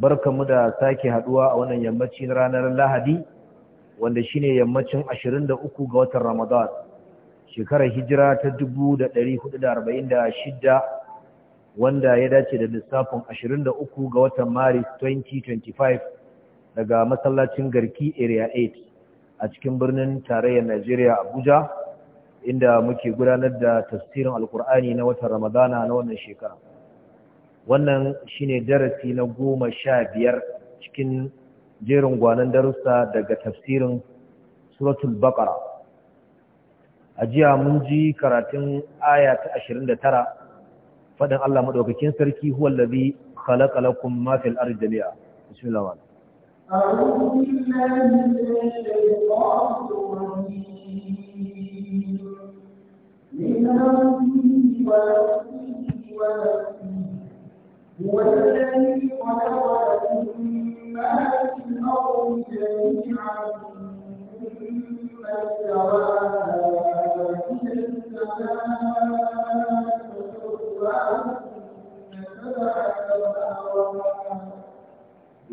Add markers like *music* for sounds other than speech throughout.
barkamu da sake haduwa a wannan yammaci ranar Lahadi wanda shine yammacin 23 ga watan Ramadan shekarar hijira ta 1446 wanda ya dace da lissafin 23 ga watan Maris 2025 daga masallacin Garki Area 8 a cikin birnin tarayyar Najeriya Abuja inda muke gudanar da tafsirin Alkur'ani na watan Ramadana na wannan shekara wannan shine darasi na goma sha biyar cikin jerin gwanon darussa daga tafsirin suratul bakara. a jiya mun ji karatun aya ta tara faɗin Allah maɗaukakin sarki huwal ladhi khalaqa lakum ma fil ardi jami'a bismillah أعوذ بالله هو الذي خلق لكم ما في الأرض جميعا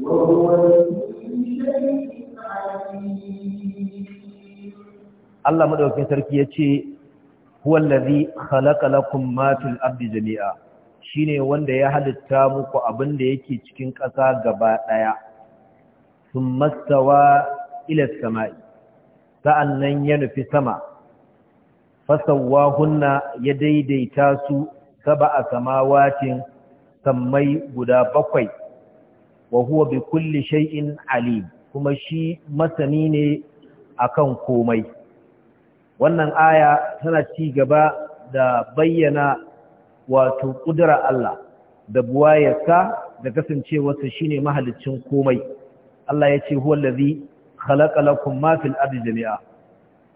وهو شيء Allah madaukakin sarki ya Huwallazi khalaqa lakum ma fil ardi jami'a shine wanda ya halitta muku abin da yake cikin ƙasa gaba ɗaya sun mastawa ilas sama'i sa'an ya nufi sama Fassawa-hunna ya daidaita su saba a samawacin sammai guda bakwai wa huwa bi kulli shay'in alim kuma shi masani ne a kan komai wannan aya tana ci gaba da bayyana wato ƙudura Allah da buwayarsa da kasancewarsa shine mahalicin komai Allah ya ce huwallazi khalaqa lakum ma fil ardi jami'a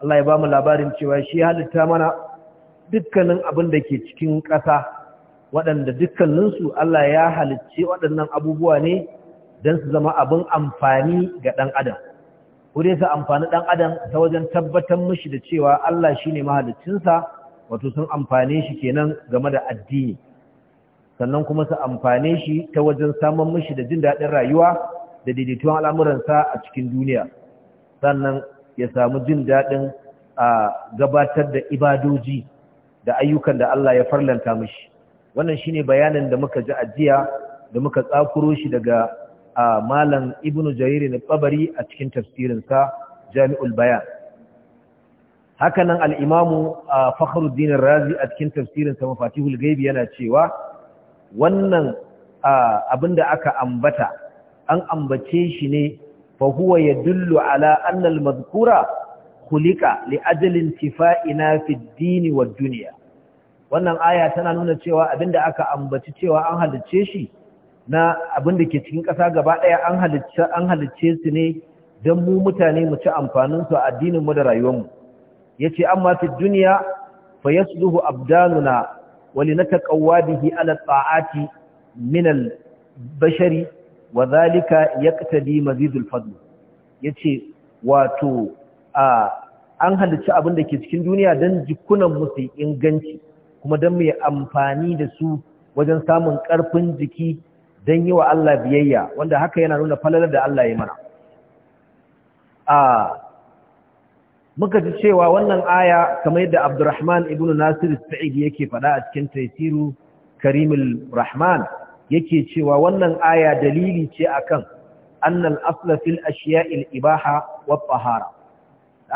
Allah ya ba mu labarin cewa shi halitta mana dukkanin abin da ke cikin ƙasa waɗanda dukkanin Allah ya halicce waɗannan abubuwa ne dan su zama abin amfani ga ɗan adam wurin sa amfani ɗan adam ta wajen tabbatar mashi da cewa Allah shine mahaliccinsa wato sun amfane shi kenan game da addini sannan kuma su amfane shi ta wajen samun mishi da jin daɗin rayuwa da daidaituwan al'amuransa a cikin duniya sannan ya samu jin daɗin a gabatar da ibadoji da ayyukan da Allah ya farlanta mishi wannan shine bayanin da muka ji ajiya da muka tsakuro shi daga malam ibnu jarir na tsabari a cikin tafsirinsa jami'ul bayan hakanan al'imamu a dinar razi a cikin tafsirin sa mafatihul gaibi yana cewa wannan abin da aka ambata an ambace shi ne Fahuwa ya dullu ala annal mazkura kulika, li ajalin tifa'ina fi wa duniya. wannan aya tana nuna cewa abin da aka ambaci cewa an halicce shi na da ke cikin ƙasa gaba ɗaya an halicce su ne don mu mutane mu ci amfaninsu a addinin mu da rayuwar yace amma fi dunya fayasluhu abdanuna walinataqawwa bihi ala ta'ati Minal al-bashari wa dhalika yaqtadi mazidul Ya yace wato a an halarci abin da ke cikin duniya dan jikunan musu inganci kuma don mai amfani da su wajen samun ƙarfin jiki don yi wa Allah biyayya wanda haka yana nuna falalar da Allah ya mana a muka ji cewa wannan aya kamar yadda Abdurrahman ibn Nasir Sa'id yake faɗa a cikin Tafsiru Karimul Rahman yake cewa wannan aya dalili ce akan annal asla fil ashiya'il ibaha wa tahara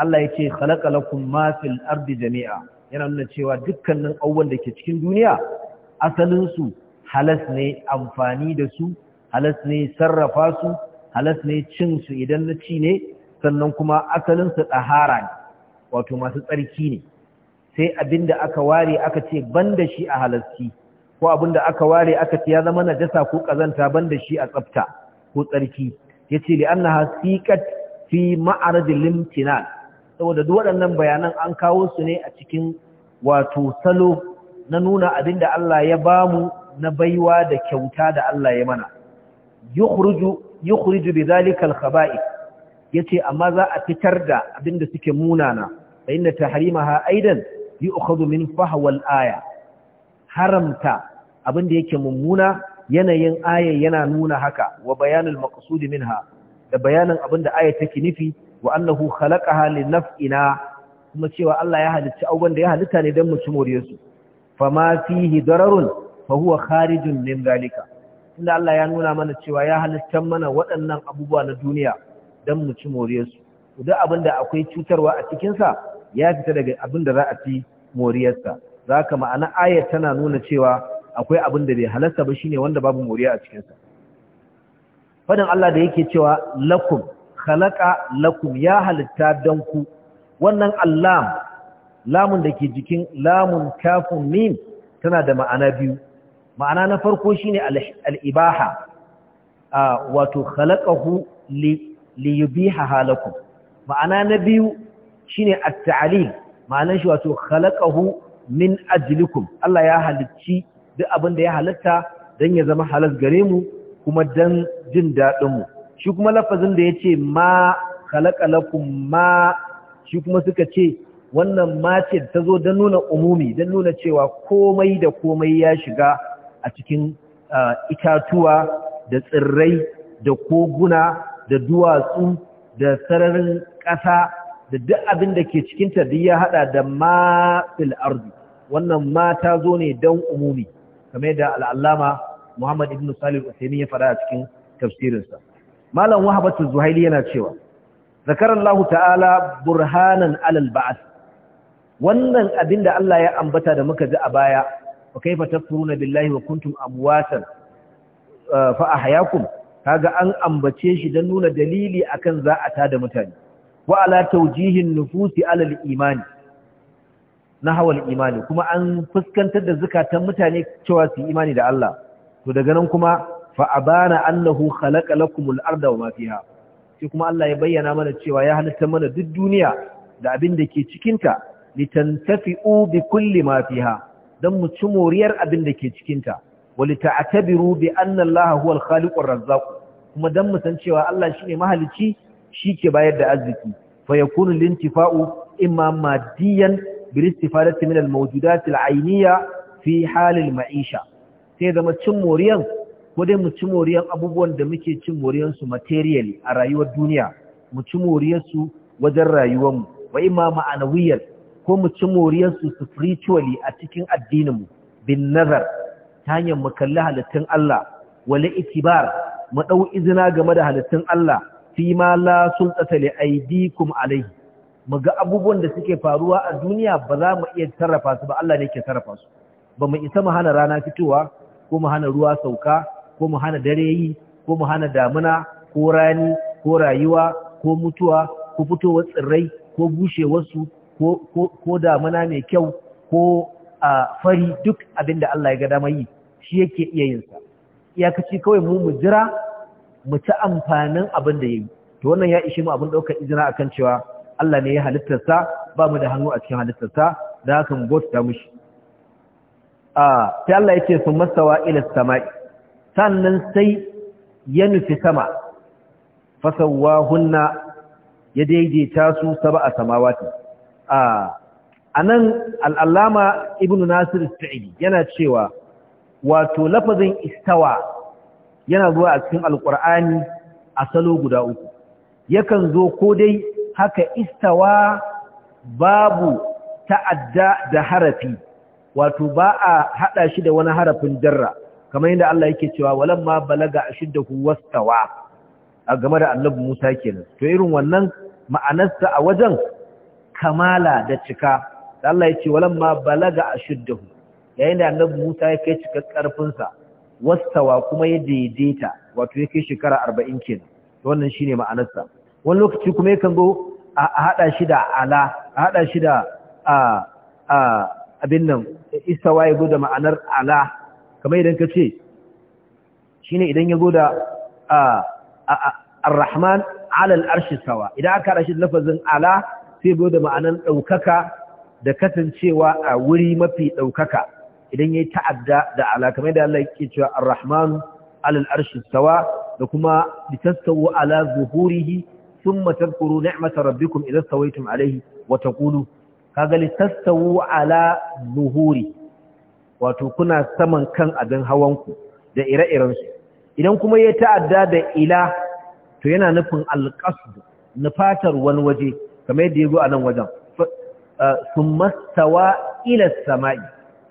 Allah yake khalaqa lakum ma fil ardi jami'a yana nuna cewa dukkanin abubuwan da ke cikin duniya asalin su halas ne amfani da su halas ne sarrafa su halas ne cin su idan na ci ne sannan kuma asalinsu ɗahara ne wato masu tsarki ne sai abinda aka ware aka ce da shi a halarci ko abinda aka ware aka ce ya zama na jasa ko ban banda shi a tsafta ko tsarki ce li annaha siqat fi ma'arad al saboda duk waɗannan bayanan an kawo su ne a cikin wato salo na nuna abinda Allah ya ba mu na baiwa da kyauta da Allah ya mana yukhruju bi bidhalika al-khaba'ith Ya ce amma za a fitar da abinda suke munana ta Harima ha aidan yu'khadhu min fahwal aya haramta abinda yake mummuna yanayin aya yana nuna haka wa bayanul maqsud minha da bayanin abinda aya take nufi wa annahu khalaqaha li naf'ina kuma cewa Allah ya halitta abubuwan da ya halitta ne don mu ci moriyarsu fama fihi dararun fa huwa kharijun min zalika inda Allah ya nuna mana cewa ya halitta mana waɗannan abubuwa na duniya don mu ci moriyarsu duk abin da akwai cutarwa a cikinsa ya fita daga abin da za a ci moriyarsa za ka ma'ana ayat tana nuna cewa akwai abin da bai halasta ba shine wanda babu moriya a cikinsa fadin Allah da yake cewa lakum khalaqa lakum ya halitta dan ku wannan allam lamun da ke jikin lamun kafin min tana da ma'ana biyu ma'ana na farko shine al-ibaha wato khalaqahu li li yubiha halakum ma'ana na biyu shine at-ta'lil ma'anan shi wato khalaqahu min ajlikum Allah ya halicci duk abin da ya halitta dan ya zama halas gare mu kuma dan jin dadin mu shi kuma lafazin da yace ma khalaqa lakum ma shi kuma suka ce wannan ma ce ta zo don nuna umumi don nuna cewa komai da komai ya shiga a cikin ah, itatuwa da tsirrai da koguna da duwatsu da sararin ƙasa da duk abin da ke cikin duk ya haɗa da ma fil wannan ma ta zo ne don umumi kamar da al'allama Muhammad ibn Salih Usaimi ya fara a cikin tafsirinsa. Malam Wahabatu Zuhaili yana cewa, Zakarar Allah ta'ala burhanan alal ba'as, wannan abin da Allah ya ambata da muka ji a baya, wa kaifa tafuru na billahi wa kuntum amwatan fa a hayakun, kaga an ambace shi don nuna dalili akan za a tada mutane wa ala tawjihin nufusi alal imani na hawal imani kuma an fuskantar da zukatan mutane cewa su imani da Allah to daga nan kuma fa abana annahu khalaqa lakumul arda wa ma fiha sai kuma Allah ya bayyana mana cewa ya halitta mana duk duniya da abin da ke cikinta litantafi'u bi kulli ma fiha dan mu ci moriyar abin da ke cikinta wa lita'tabiru bi anna Allah huwal khaliqur razzaq kuma dan mu san cewa Allah shine mahalicci ke bayar da arziki fa yakunu lintifa'u imma madiyan bil istifadati min al mawjudat al fi hal al ma'isha sai zama cin moriyan ko dai mu ci moriyan abubuwan da muke cin moriyan su materially a rayuwar duniya mu ci su wajen rayuwar mu wa imma ma'anawiyyar ko mu ci moriyar su spiritually a cikin addinin mu bin nazar ta hanyar mu kalli halittun Allah wala itibar mu dau izina game da halittun Allah fi ma la sultata li aidikum alaihi mu ga abubuwan da suke faruwa a duniya ba za mu iya sarrafa su ba Allah ne ke sarrafa su ba mu isa mu hana rana fitowa ko mu hana ruwa sauka ko mu hana dare yi ko mu hana damuna ko rani ko rayuwa ko mutuwa ko fitowar tsirrai ko bushewarsu ko damuna mai kyau ko a fari duk abin da Allah ya ga dama yi shi yake iya yin sa iyakaci kawai mu mu jira mu ci amfanin abin da yi. to wannan ya ishe mu abin ɗaukar izina akan cewa Allah ne ya halittarsa ba mu da hannu a cikin halittarsa, da haka mu bauta mushi a sai Allah yake sun mastawa ila samai sannan sai ya nufi sama hunna ya daidaita su sab'a samawati a anan al-allama ibnu nasir as-sa'idi yana cewa wato lafazin istawa yana zuwa a cikin alkur'ani a salo guda uku yakan zo ko dai haka istawa babu ta'adda da harafi wato ba a haɗa shi da wani harafin darra kamar yadda Allah yake cewa walamma balaga ashiddahu wastawa a game da annabi Musa kenan to irin wannan ma'anarsa a wajen kamala da cika Allah yake walan walamma balaga ashiddahu yayin da annabi Musa ya kai cikar karfinsa wastawa kuma ya daidaita wato ya kai shekara arba'in kenan to wannan shine ma'anarsa wani lokaci kuma yakan zo a haɗa shi da ala a haɗa shi da abin nan istawa ya zo ma'anar ala kamar idan ka ce shine idan ya goda a ar-rahman alal arshi sawa idan aka haɗa shi da lafazin ala sai zo ma'anar ɗaukaka da kasancewa a wuri mafi ɗaukaka idan ya yi ta'adda da ala da Allah yake cewa ar-rahman alal al-arshi sawa da kuma litastawu ala zuhurihi thumma tadhkuru ni'mata rabbikum idha stawaytum alayhi wa taqulu kaga litastawu ala zuhuri wato kuna saman kan abin ku da ire-iren su idan kuma yayi ta'adda da ila to yana nufin al-qasd nufatar wani waje kamar yadda yazo a nan wajen eh, thumma stawa ila samai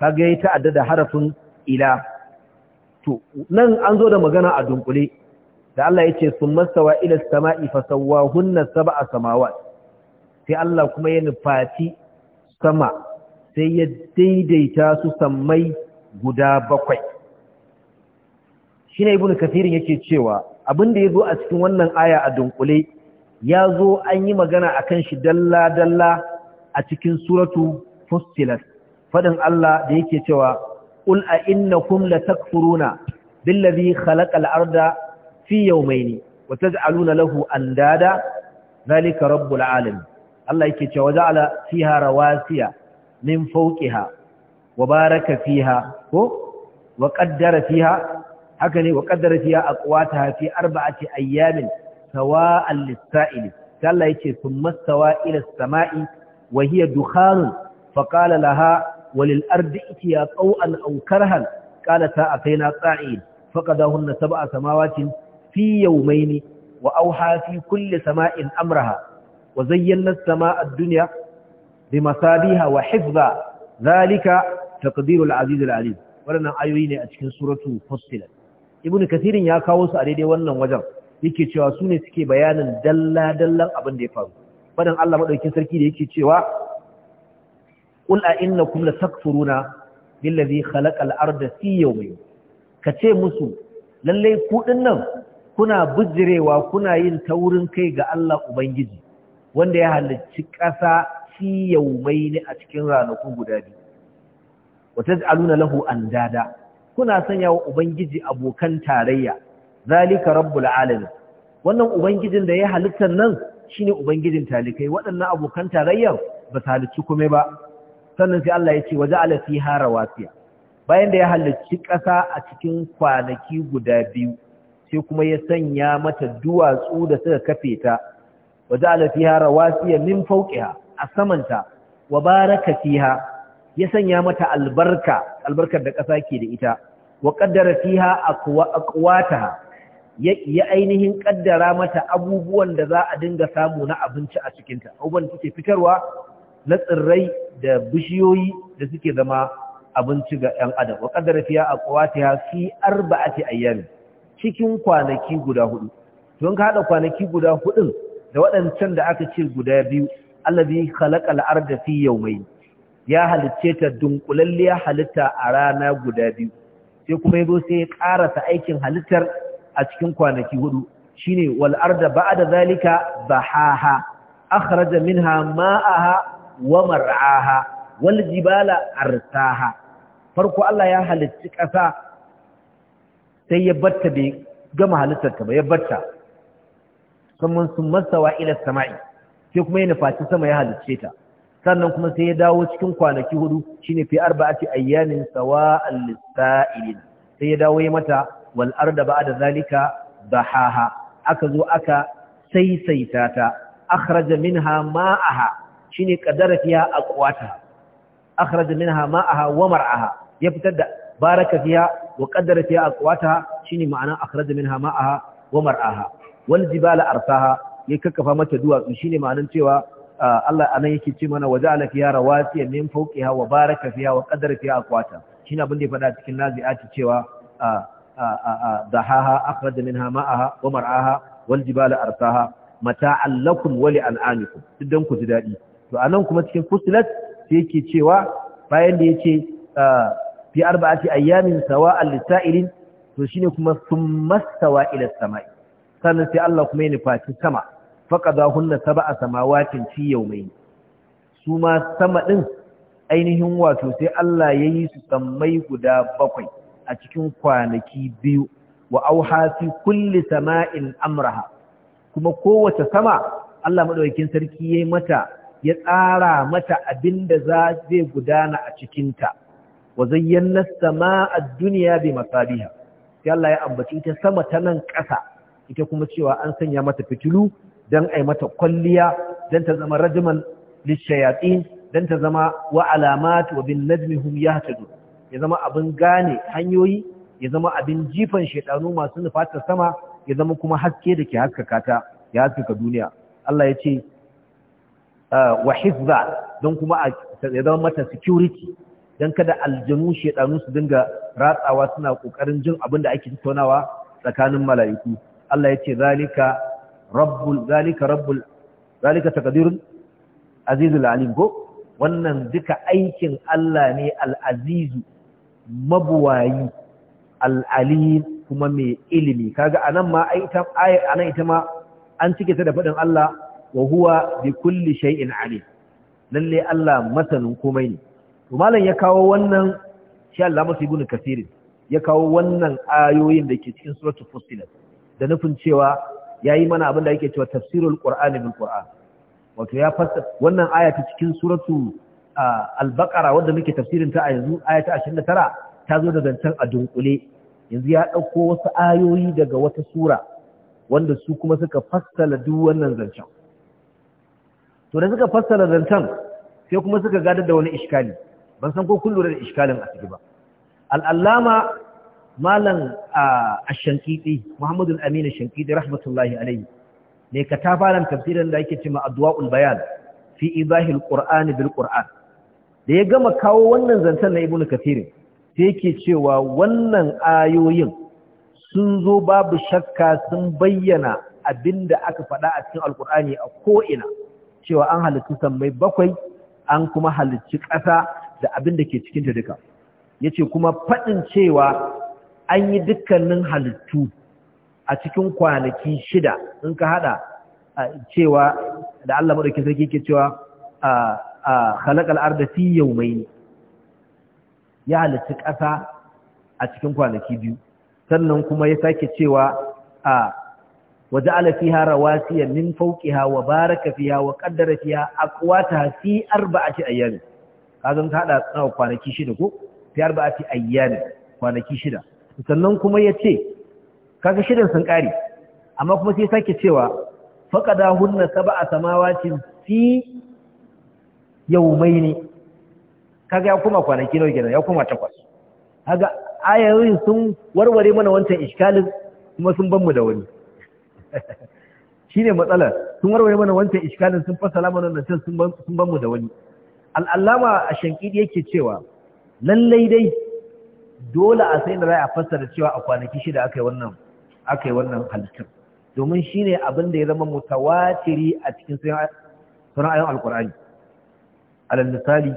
kaga yayi ta'adda da harafin ila to nan an zo da magana a dunkule da Allah yace masawa ila samai hunna sab'a samawat sai Allah kuma ya nufati sama sai ya daidaita su sammai guda bakwai shine ibnu kathirin yake cewa abin abinda yazo a cikin wannan aya a dunkule ya zo an yi magana akan shi dalla dalla a cikin suratu fussilat fadin Allah da yake cewa ul a innakum takfuruna, billazi khalaqal arda fi yawmayni wa taj'aluna lahu andada zalika rabbul alamin Allah yake cewa ja'ala fiha rawasiya min fawqiha wa baraka fiha ko wa qaddara fiha haka ne wa qaddara fiha aqwataha fi arba'ati ayyamin sawa'an lis-sa'ili Allah yake thumma sawa ila as-sama'i wa hiya dukhanun فقال walil ardi itiya qaw'an aw karhan qalata ataina qa'id faqadahunna sab'a samawatin fi yawmayn wa awha fi kulli sama'in amraha wa zayyana as-sama'a ad-dunya bimasabiha wa hifza dhalika taqdirul aziz al-alim wannan ayoyi ne a cikin suratu fussilat ibnu kathirin ya kawo su a daidai wannan wajen yake cewa su ne suke bayanin dalla-dallan abin da ya faru. Fadan Allah maɗaukin sarki da yake cewa, qul a innakum latakfuruna billazi khalaqal arda fi yawmin musu lalle ku dinnan kuna bujirewa kuna yin taurin kai ga Allah ubangiji wanda ya halicci ƙasa fi yawmaini a cikin ranaku guda biyu Aluna lahu andada kuna sanya wa ubangiji abokan tarayya zalika rabbul alamin wannan ubangijin da ya halitta nan shine ubangijin talikai waɗannan abokan tarayyar ba su halicci kome ba sannan sai Allah ya ce waje ala hara wasiya bayan da ya halarci ƙasa a cikin kwanaki guda biyu sai kuma ya sanya mata duwatsu da suka kafe ta waje ala hara wasiya min fauƙiha a samanta wa baraka fiha ya sanya mata albarka albarkar da ƙasa ke da ita wa qaddara fiha aqwataha ya ainihin kaddara mata abubuwan da za a dinga samu na abinci a cikinta abubuwan da take fitarwa na tsirrai da bishiyoyi da suke zama abinci ga ‘yan adam wa ƙadar fiya a ƙwata fi arba'ati ayyami cikin kwanaki guda hudu don ka haɗa kwanaki guda hudun da waɗancan da aka ce guda biyu allazi khalaqa al-arda fi yawmayn ya halicce ta dunkulalliya halitta a rana guda biyu sai kuma yazo sai ya karasa aikin halittar a cikin kwanaki hudu shine wal arda ba'da zalika bahaha akhraja minha ma'aha wa mar'aha wal jibala arsaha farko Allah ya halicci ƙasa sai ya batta bai gama halittarta ba ya batta sannan sun masawa ila sama'i sai kuma ya nufaci sama ya halicce ta sannan kuma sai ya dawo cikin kwanaki hudu shine fi arba'ati ayyamin sawa'al lisa'ilin sai ya dawo ya mata wal arda ba'da zalika bahaha aka zo aka saisaita ta akhraja minha ma'aha ne shine qaddara fiha aqwata akhraj minha ma'aha wa mar'aha ya fitar da baraka fiya wa qaddara fiha aqwata shine ma'ana akhraj minha ma'aha wa mar'aha wal jibala arsaha ya kakkafa mata duwatsu ne ma'anan cewa Allah anan yake ce mana waja'ala fiha rawasiya min fawqiha wa baraka fiya, wa qaddara fiha aqwata shine abin da ya faɗa cikin nazi'ati cewa dahaha akhraj minha ma'aha wa mar'aha wal jibala arsaha mata'an lakum wa li'an'amikum duk dan ku ji dadi to anan kuma cikin fusilat sai yake cewa bayan da yace fi arba'ati ayyamin sawa'al lisa'ilin to shine kuma summastawa ila samai sannan sai Allah kuma ya nufaci sama faqadahunna sab'a samawatin fi yawmayn su ma sama din ainihin wato sai Allah yayi su sammai guda bakwai a cikin kwanaki biyu wa auha fi kulli sama'in amraha kuma kowace sama Allah madaukakin sarki yayi mata ya tsara mata abin da za zai gudana a cikinta wa zayyana a duniya bi masabiha sai Allah ya ambaci ita sama ta nan ƙasa ita kuma cewa an sanya mata fitilu dan ai mata kwalliya dan ta zama rajman lishayatin dan ta zama wa alamat wa bin najmi hum ya zama abin gane hanyoyi ya zama abin jifan shaiɗanu masu nufatar sama ya zama kuma haske da ke haskaka ta ya haskaka duniya Allah ya ce Eh, wa hizba don kuma ya zama mata security don kada aljanu shaidanu su dinga ratsawa suna kokarin jin abin da ake tattaunawa tsakanin mala'iku Allah ya ce zalika rabbul zalika rabbul zalika taqdirul azizul alim ko wannan duka aikin Allah ne al aziz mabuwayi al-alim kuma mai ilimi kaga anan ma ai ta anan ita ma an cike ta da fadin Allah wa huwa bi kulli shay'in alim lalle Allah masanin komai ne to malam ya kawo wannan shi Allah masu ibnu ya kawo wannan ayoyin da ke cikin suratu fussilat da nufin cewa yayi mana abin da yake cewa tafsirul qur'ani bil qur'an wato ya fassa wannan aya ta cikin suratu al-baqara wanda muke tafsirin ta a yanzu aya ta 29 ta zo da zancen a dunkule yanzu ya dauko wasu ayoyi daga wata sura wanda su kuma suka fassala duk wannan zancen to da suka fassara zantan sai kuma suka gadar da wani iskali ban san ko kun lura da iskalin a ciki ba al'allama malam a shankiti muhammadu aminu shankiti rahmatullahi alaihi ne ka ta fara tafsirin da yake ma addu'a'ul bayan fi ibahil qur'ani bil qur'an da ya gama kawo wannan zantan na ibnu kathir sai yake cewa wannan ayoyin sun zo babu shakka sun bayyana abinda aka faɗa a cikin alqur'ani a ko'ina cewa an halittu sammai bakwai an kuma halittu ƙasa da abin da ke cikinta duka ya ce kuma faɗin cewa an yi dukkanin halittu a cikin kwanaki shida in ka haɗa cewa da Allah maɗauki sarki ke cewa a halakal ardafi yau mai ne ya halittu ƙasa a cikin kwanaki biyu sannan kuma ya sake cewa a وجعل فيها رواسي من فوقها وبارك فيها وقدر فيها اقواتها في اربعه ايام kazan ta da tsawon kwanaki shida ko fi arba'a fi ayyana kwanaki shida sannan kuma ya ce kaga shidan sun kare amma kuma sai sake cewa faƙada hunna sab'a samawati fi yawmain kaga ya kuma kwanaki nawa kenan ya kuma takwas kaga ayoyin sun warware mana wancan iskalin kuma sun ban mu da wani *laughs* Shi ne matsalar sun warware mana wancan iskalin sun fasa lamarin da sun sun ban mu da wani al'allama a shankidi yake cewa lallai dai dole a sai da rai a fassara cewa a kwanaki shida aka yi wannan aka yi wannan halittar domin shi ne abin da ya zama mutawatiri a cikin sunan ayon alkur'ani alal misali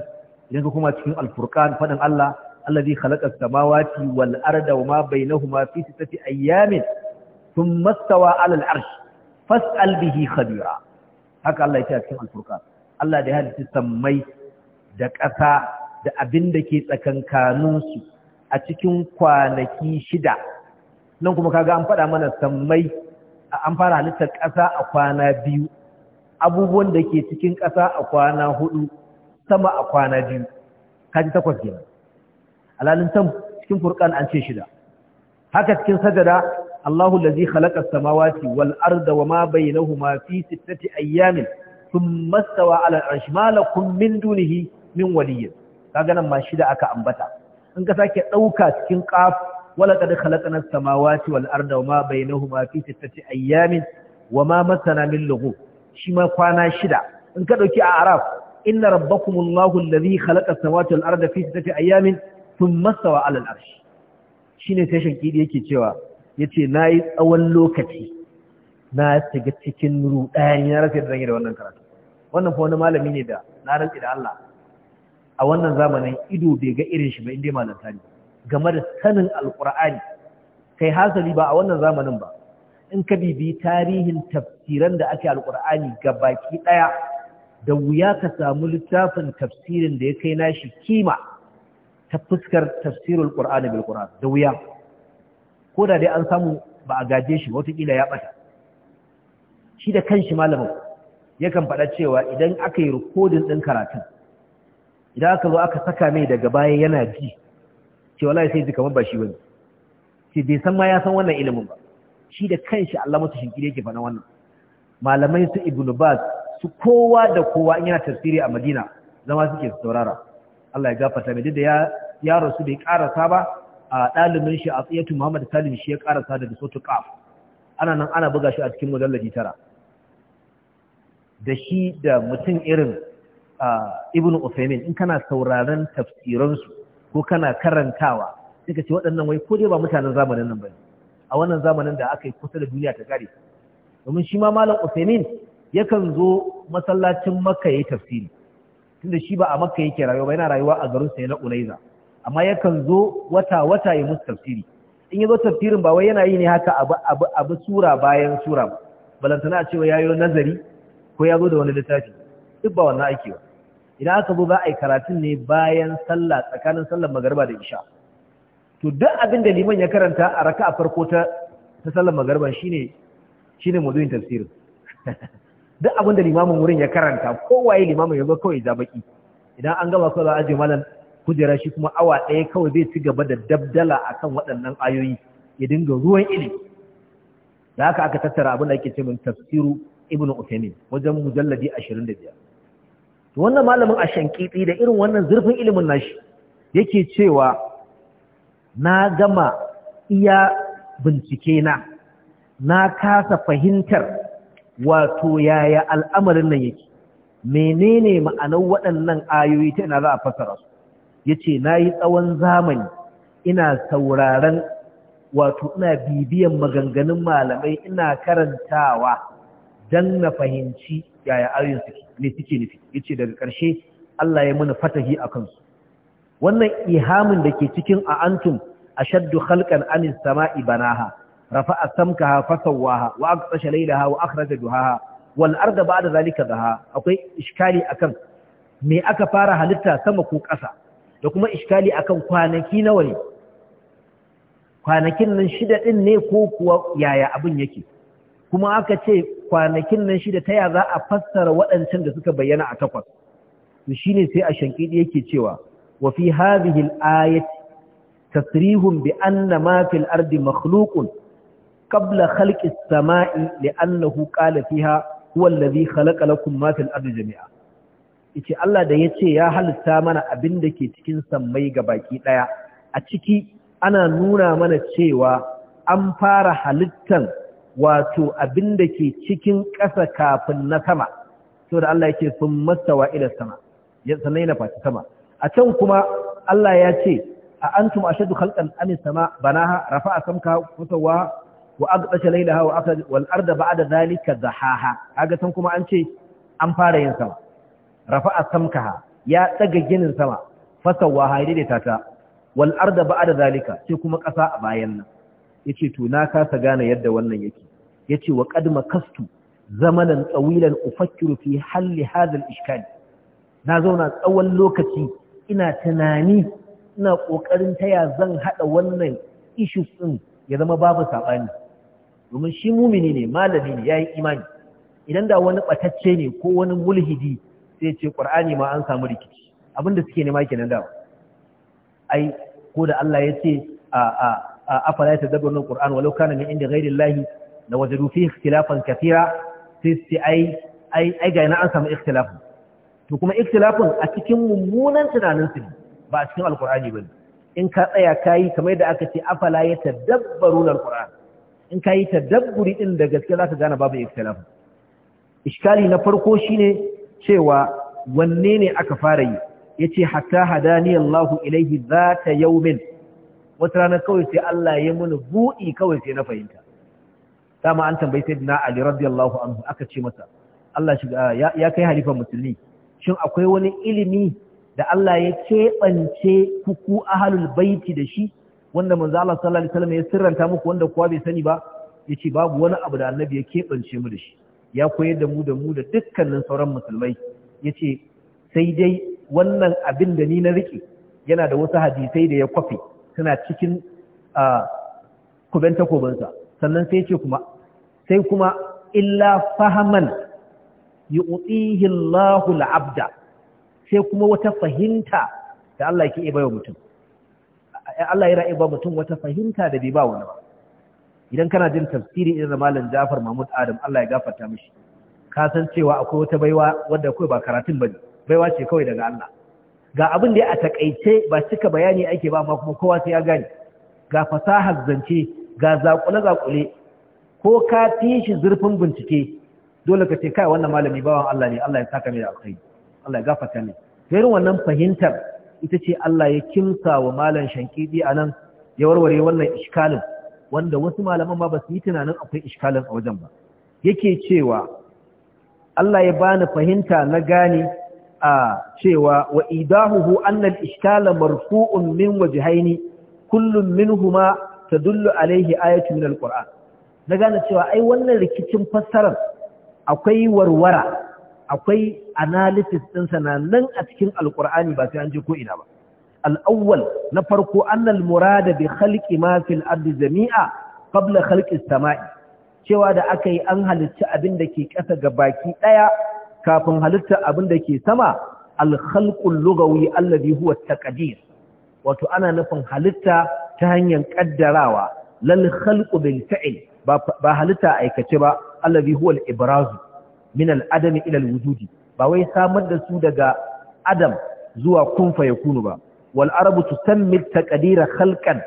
idan ka kuma cikin alfurkan faɗin Allah allazi khalaqa samawati wal arda ma bainahuma fi sittati ayyamin sun mastawa alal arshi fas'al bihi khabira haka Allah ya ce a cikin alfurka Allah da ya halitta sammai da ƙasa da abin da ke kanunsu a cikin kwanaki shida nan kuma kaga an faɗa mana sammai an fara halittar ƙasa a kwana biyu abubuwan da ke cikin ƙasa a kwana hudu sama a kwana biyu kaji takwas gina alalin can cikin furkan an ce shida haka cikin sajada Allahu allazi khalaqa as-samawati wal arda wama bainahuma fi sittati ayyamin thumma stawa 'ala al-'arsh ma min dunihi min waliyyin kaga nan ma shida aka ambata in ka sake ɗauka cikin qaf wala qad khalaqna as-samawati wal arda wama bainahuma fi sittati ayyamin wama masana min lughub shi ma kwana shida in ka dauki araf inna rabbakumullahu allazi khalaqa as-samawati wal fi ayyamin shine sai shankidi yake cewa yace yi tsawon lokaci na shiga cikin rudani na rasa zan yi da wannan karatu wannan fa wani malami ne da na rantsi da Allah a wannan zamanin ido bai ga irin shi ba inda ta ne game da sanin alkur'ani kai hasali ba a wannan zamanin ba in ka bibi tarihin tafsiran da ake ga baki daya da wuya ka samu littafin tafsirin da ya kai nashi kima ta fuskar tafsirul qur'ani bil qur'an da wuya ko da dai an samu ba a gaje shi watakila ya bata shi da kanshi malamin yakan faɗa cewa idan aka yi rikodin ɗin karatu. idan aka zo aka saka mai daga baya yana ji cewa lai sai ji kamar ba shi wani shi bai san ma ya san wannan ilimin ba shi da kanshi Allah mutu shinkiri yake faɗa wannan malamai su Ibn Baz su kowa da kowa in yana tafsiri a Madina zama suke saurara Allah ya gafarta mai duk da ya rasu bai karasa ba a ɗalibin shi a tsiyatu Muhammad Salim shi ya kara da Sotu Qaf ana nan ana buga shi a cikin mujallaji tara da shi da mutum irin Ibn Uthaymeen in kana sauraron tafsiransu ko kana karantawa sai ka ce waɗannan wai ko dai ba mutanen zamanin nan bane a wannan zamanin da aka yi kusa da duniya ta gare. domin shi ma malam Uthaymeen yakan zo masallacin Makka yayin tafsiri tunda shi ba a Makka yake rayuwa ba yana rayuwa a garin sa na Ulaiza amma yakan zo wata-wata ya musu tafsiri in yi zo tafsirin ba wai yana yi ne haka abu abu abu sura bayan sura ba balantana a cewa yayo nazari ko ya zo da wani littafi duk ba wannan aiki ba idan aka zo za a yi karatun ne bayan sallah tsakanin sallar magarba da isha to duk abin da liman ya karanta a raka a farko ta ta sallar magarba shine shine mazuyin tafsirin *laughs* duk abin da limamin wurin ya karanta kowaye limamin ya zo kawai ja baki idan an gama kawai za a je malam kujera shi kuma awa ɗaya kawai zai ci gaba da dabdala a kan waɗannan ayoyi ya dinga ruwan ilimi da haka aka tattara abin da ake ce min tafsiru wajen uthaymeen wajen mujalladi 25 to wannan malamin shankiti da irin wannan zurfin ilimin nashi yake cewa na gama iya bincike na na kasa fahimtar wato yaya al'amarin nan yake menene ma'anar waɗannan ayoyi ta ina za a fassara su yace nayi tsawon zamani ina sauraron wato ina bibiyan maganganun malamai ina karantawa dan na fahimci yaya ayoyin suke ne suke nufi yace daga ƙarshe Allah ya mana fatahi akan wannan ihamin da ke cikin a antum ashaddu khalqan anis sama'i banaha rafa'a samkaha fasawaha wa aqtasha laylaha wa akhraja duhaha wal arda ba'da zalika daha akwai iskali akan me aka fara halitta sama ko ƙasa da kuma iskali akan kwanaki nawa ne kwanakin nan shida din ne ko kuwa yaya abin yake kuma aka ce kwanakin nan shida ta ya za a fassara waɗancan da suka bayyana a takwas to shine sai a shankidi yake cewa wa fi hadhihi al-ayati tasrihun bi anna ma fil ardi makhluqun qabla khalqi as-sama'i li'annahu qala fiha huwa alladhi khalaqa lakum ma fil ardi jami'a Ice Allah da yace ya halitta mana abin da ke cikin sammai ga baki ɗaya. a ciki ana nuna mana cewa an fara halittan wato abin da ke cikin ƙasa kafin na sama da Allah yake sun mastawa ila sama ya sanai na fata sama a can kuma Allah ya ce a antum ashadu khalqan am sama banaha a samka futawa wa laida laylaha wa aqad wal arda ba'da zalika zahaha kaga can kuma an ce an fara yin sama rafa'a samkaha ya tsaga ginin sama fasawa haide da tata wal arda ba'da zalika sai kuma ƙasa a bayan nan yace to na kasa gane yadda wannan yake yace wa qad kastu zamanan tsawilan ufakkiru fi halli hadal iskali na zauna tsawon lokaci ina tunani ina kokarin taya zan hada wannan issues ɗin ya zama babu saɓani. domin shi mumini ne malami ne ya yi imani idan da wani batacce ne ko wani mulhidi sai ce qur'ani ma an samu rikici abinda suke nema kenan dawa. ai ko da Allah ya ce a a afala yatadabbarun alquran walau kana min inda ghairi na lawajadu rufi ikhtilafan kathira sai sai ai ai ai ga an samu ikhtilafin to kuma ikhtilafin a cikin mummunan tunanin su ba a cikin ba ne. in ka tsaya kayi kamar da aka ce afala yatadabbarun alquran in ka yi tadabburi ɗin da gaske za ka gane babu ikhtilaf Ishkali na farko shine cewa wanne ne aka fara yi yace hatta hadani Allahu ilaihi zata min? wata rana kawai sai Allah ya muni bu'i kawai sai na fahimta dama an tambayi sayyidina Ali radiyallahu anhu aka ce masa Allah shi ya kai halifan musulmi shin akwai wani ilimi da Allah ya keɓance kuku ahalul baiti da shi wanda manzo Allah sallallahu alaihi wasallam ya sirranta muku wanda kowa bai sani ba yace babu wani abu da annabi ya keɓance mu da shi ya koyar da mu da mu da dukkanin sauran musulmai Ya ce sai dai wannan abin da ni na rike yana da wasu hadisai da ya kwafe suna cikin kuben takobansa sannan sai ce kuma sai kuma illa fahaman yu'tihi Allahu la'abda abda sai kuma wata fahimta da Allah ke iya mutum Allah ya iya ba mutum wata fahimta da bai ba wani ba idan kana jin tafsiri irin malam Jafar Mahmud Adam Allah ya gafarta mishi ka san cewa akwai wata baiwa wadda kai ba karatun bane baiwa ce kawai daga Allah ga abin da a takaice ba cika bayani ake ba ma kuma kowa sai ya gane ga fasahar zance ga zakule zakule ko ka tishi zurfin bincike dole ka ce kai wannan malami bawan Allah ne Allah ya saka mai alkhairi Allah ya gafarta mai irin wannan fahimtar ita ce Allah ya kimsa wa malam shankidi anan ya warware wannan iskalin wanda wasu malaman ma ba su yi tunanin akwai iskalin a wajen ba yake cewa Allah ya bani fahimta na gane a cewa wa idahuhu annal iskala marfu'un min wajhaini kullum minhuma tadullu alaihi ayatu min alquran na gane cewa ai wannan rikicin fassarar akwai warwara akwai analysis din sa nan a cikin alqurani ba sai an je ko ina ba al'awwal na farko annal murada bi khalqi ma fil jami'a qabla khalqi samai cewa da aka yi an halitta abin da ke ƙasa ga baki ɗaya kafin halitta abin da ke sama alhalƙun lugawi allazi huwa taqdir wato ana nufin halitta ta hanyar ƙaddarawa lal khalqu bil ba halitta aikace ba allazi huwa al ibraz min adam wujudi ba wai samar da su daga adam zuwa kun kunu ba wal arabu tusammi taqdira khalqan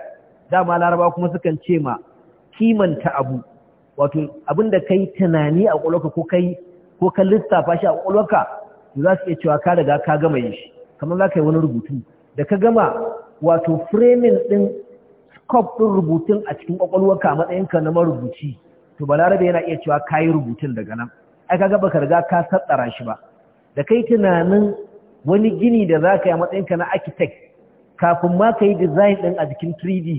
dama laraba kuma sukan ce ma kimanta abu wato abinda kai tunani a kwakwalwarka ko kai ko ka lissafa shi a kwakwalwarka za su iya cewa ka daga ka gama yin shi kamar za ka yi wani rubutu da ka gama wato framing ɗin scope ɗin rubutun a cikin kwakwalwarka a matsayinka na marubuci to balarabe yana iya cewa ka yi rubutun daga nan ai ka gaba ka riga ka sattara shi ba da kai tunanin wani gini da za ka yi a matsayinka na architect kafin ma ka yi design ɗin a jikin 3D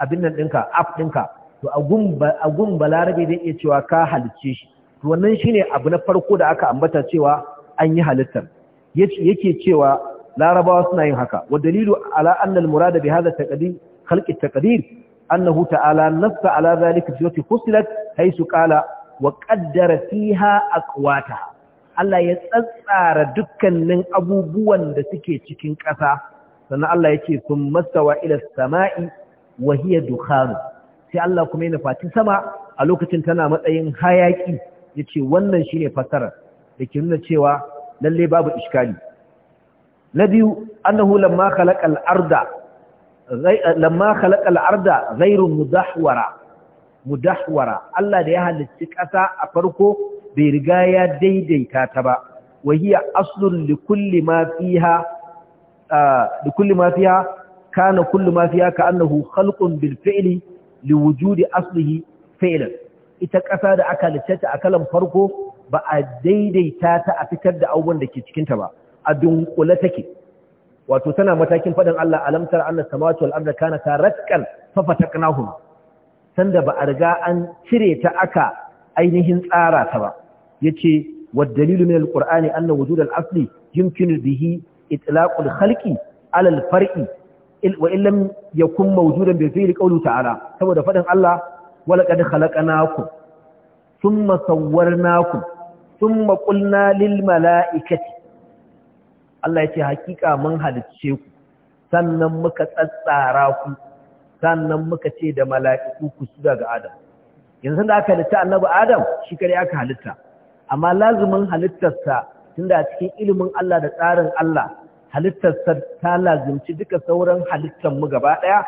abin nan ɗinka app ɗinka to a gun balarabe zai iya cewa ka halicce shi to wannan shi ne abu na farko da aka ambata cewa an yi halittar yake cewa larabawa suna yin haka wa dalilu ala anna al murada bi hadha taqdir khalq at annahu ta'ala ala zalika fi wati fusilat haythu qala wa qaddara fiha aqwataha Allah ya tsatsara dukkanin abubuwan da suke cikin ƙasa sannan Allah ya ce sun masawa ila sama'i wa dukhanu sai Allah kuma yana nufaci sama a lokacin tana matsayin hayaki yace wannan shine fasara da ke nuna cewa lalle babu iskali na biyu annahu lamma khalaqa arda lamma khalaqa arda ghayru mudahwara mudahwara Allah da ya halicci ƙasa a farko bai riga ya daidaita ta ba wahiya aslun li kulli ma fiha da kulli ma kana kullu ma ka annahu khalqun bil fi'li li wujudi aslihi fi'lan ita ƙasa da aka littata a kalan farko ba a daidaita ta a fitar da abubuwan da ke cikinta ba a dunkule take wato tana matakin faɗin Allah alamtar annas samawati wal ardi kana ta ratqan fa fataknahum sanda ba a riga an cire ta aka ainihin tsara ta ba yace wa dalilu min al-qur'ani anna wujudal asli yumkinu bihi itlaqul khalqi ala al far'i wa in lam yakun mawjudan bi fi'li qawli ta'ala saboda fadin Allah wa laqad khalaqnakum thumma sawwarnakum thumma qulna lil mala'ikati Allah yace hakika mun halicce ku sannan muka tsatsara ku sannan muka ce da mala'iku ku suda ga Adam yanzu da aka halitta annabi Adam shi kare aka halitta amma lazumin halittarsa tunda a cikin ilimin Allah da tsarin Allah halittarsa ta lazimci duka sauran halittar mu gaba ɗaya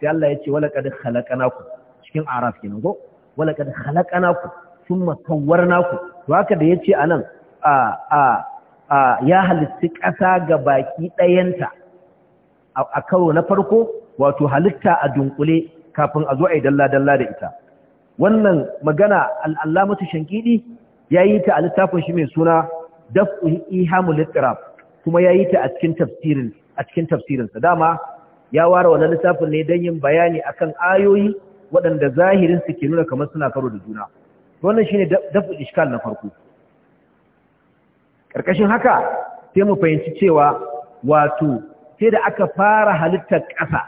sai Allah ya ce wala kad khalaqnakum cikin araf kenan ko wala kad khalaqnakum thumma sawwarnakum to haka da yace anan a a a ya halitti ƙasa ga baki ɗayanta a karo na farko wato halitta a dunkule kafin a zo a yi dalla-dalla da ita wannan magana al'allamatu shankidi ya yi ta a littafin shi mai suna dafu ihamul littiraf kuma ya yi ta a cikin tafsirinsa. dama ya ware wannan lissafin ne don yin bayani akan ayoyi waɗanda zahirin su ke nuna kamar suna karo da juna wannan shi ne dafu iskal na farko Ƙarƙashin haka sai mu fahimci cewa wato sai da aka fara halittar ƙasa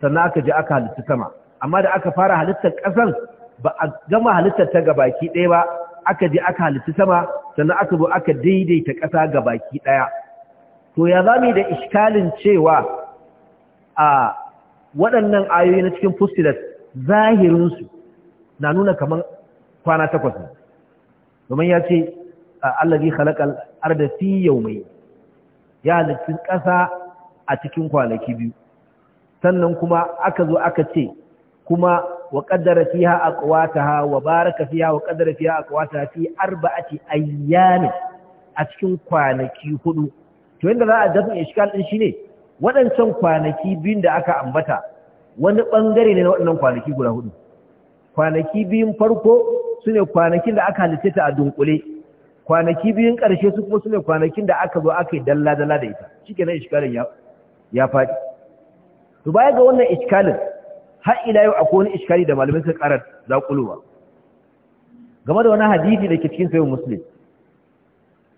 sannan aka ji aka halitta sama amma da aka fara halittar ƙasan ba a gama halittar ta ga baki ɗaya ba aka je aka halitta sama sannan aka zo aka daidaita ƙasa ga baki ɗaya to ya za da iskalin cewa a waɗannan ayoyi na cikin fustilat zahirinsu na nuna kamar kwana takwas ne domin ya ce Allah zai khalaqal arda fi mai ya halittun ƙasa a cikin kwanaki biyu sannan kuma aka zo aka ce kuma wa a fiha aqwataha wa baraka fiha wa a fiha aqwataha fi arba'ati ayyamin a cikin kwanaki hudu to inda za a dafa iskal din shine waɗancan kwanaki biyun da aka ambata wani bangare ne na waɗannan kwanaki guda hudu kwanaki biyun farko sune kwanakin da aka halitta ta a dunkule kwanaki biyun ƙarshe su kuma sune kwanakin da aka zo aka yi dalla dalla da ita shikenan iskalin ya ya faɗi to baya ga wannan iskalin har ila yau akwai wani iskari da malamai sai karar zaƙulowa game da wani hadisi da ke cikin sayin muslim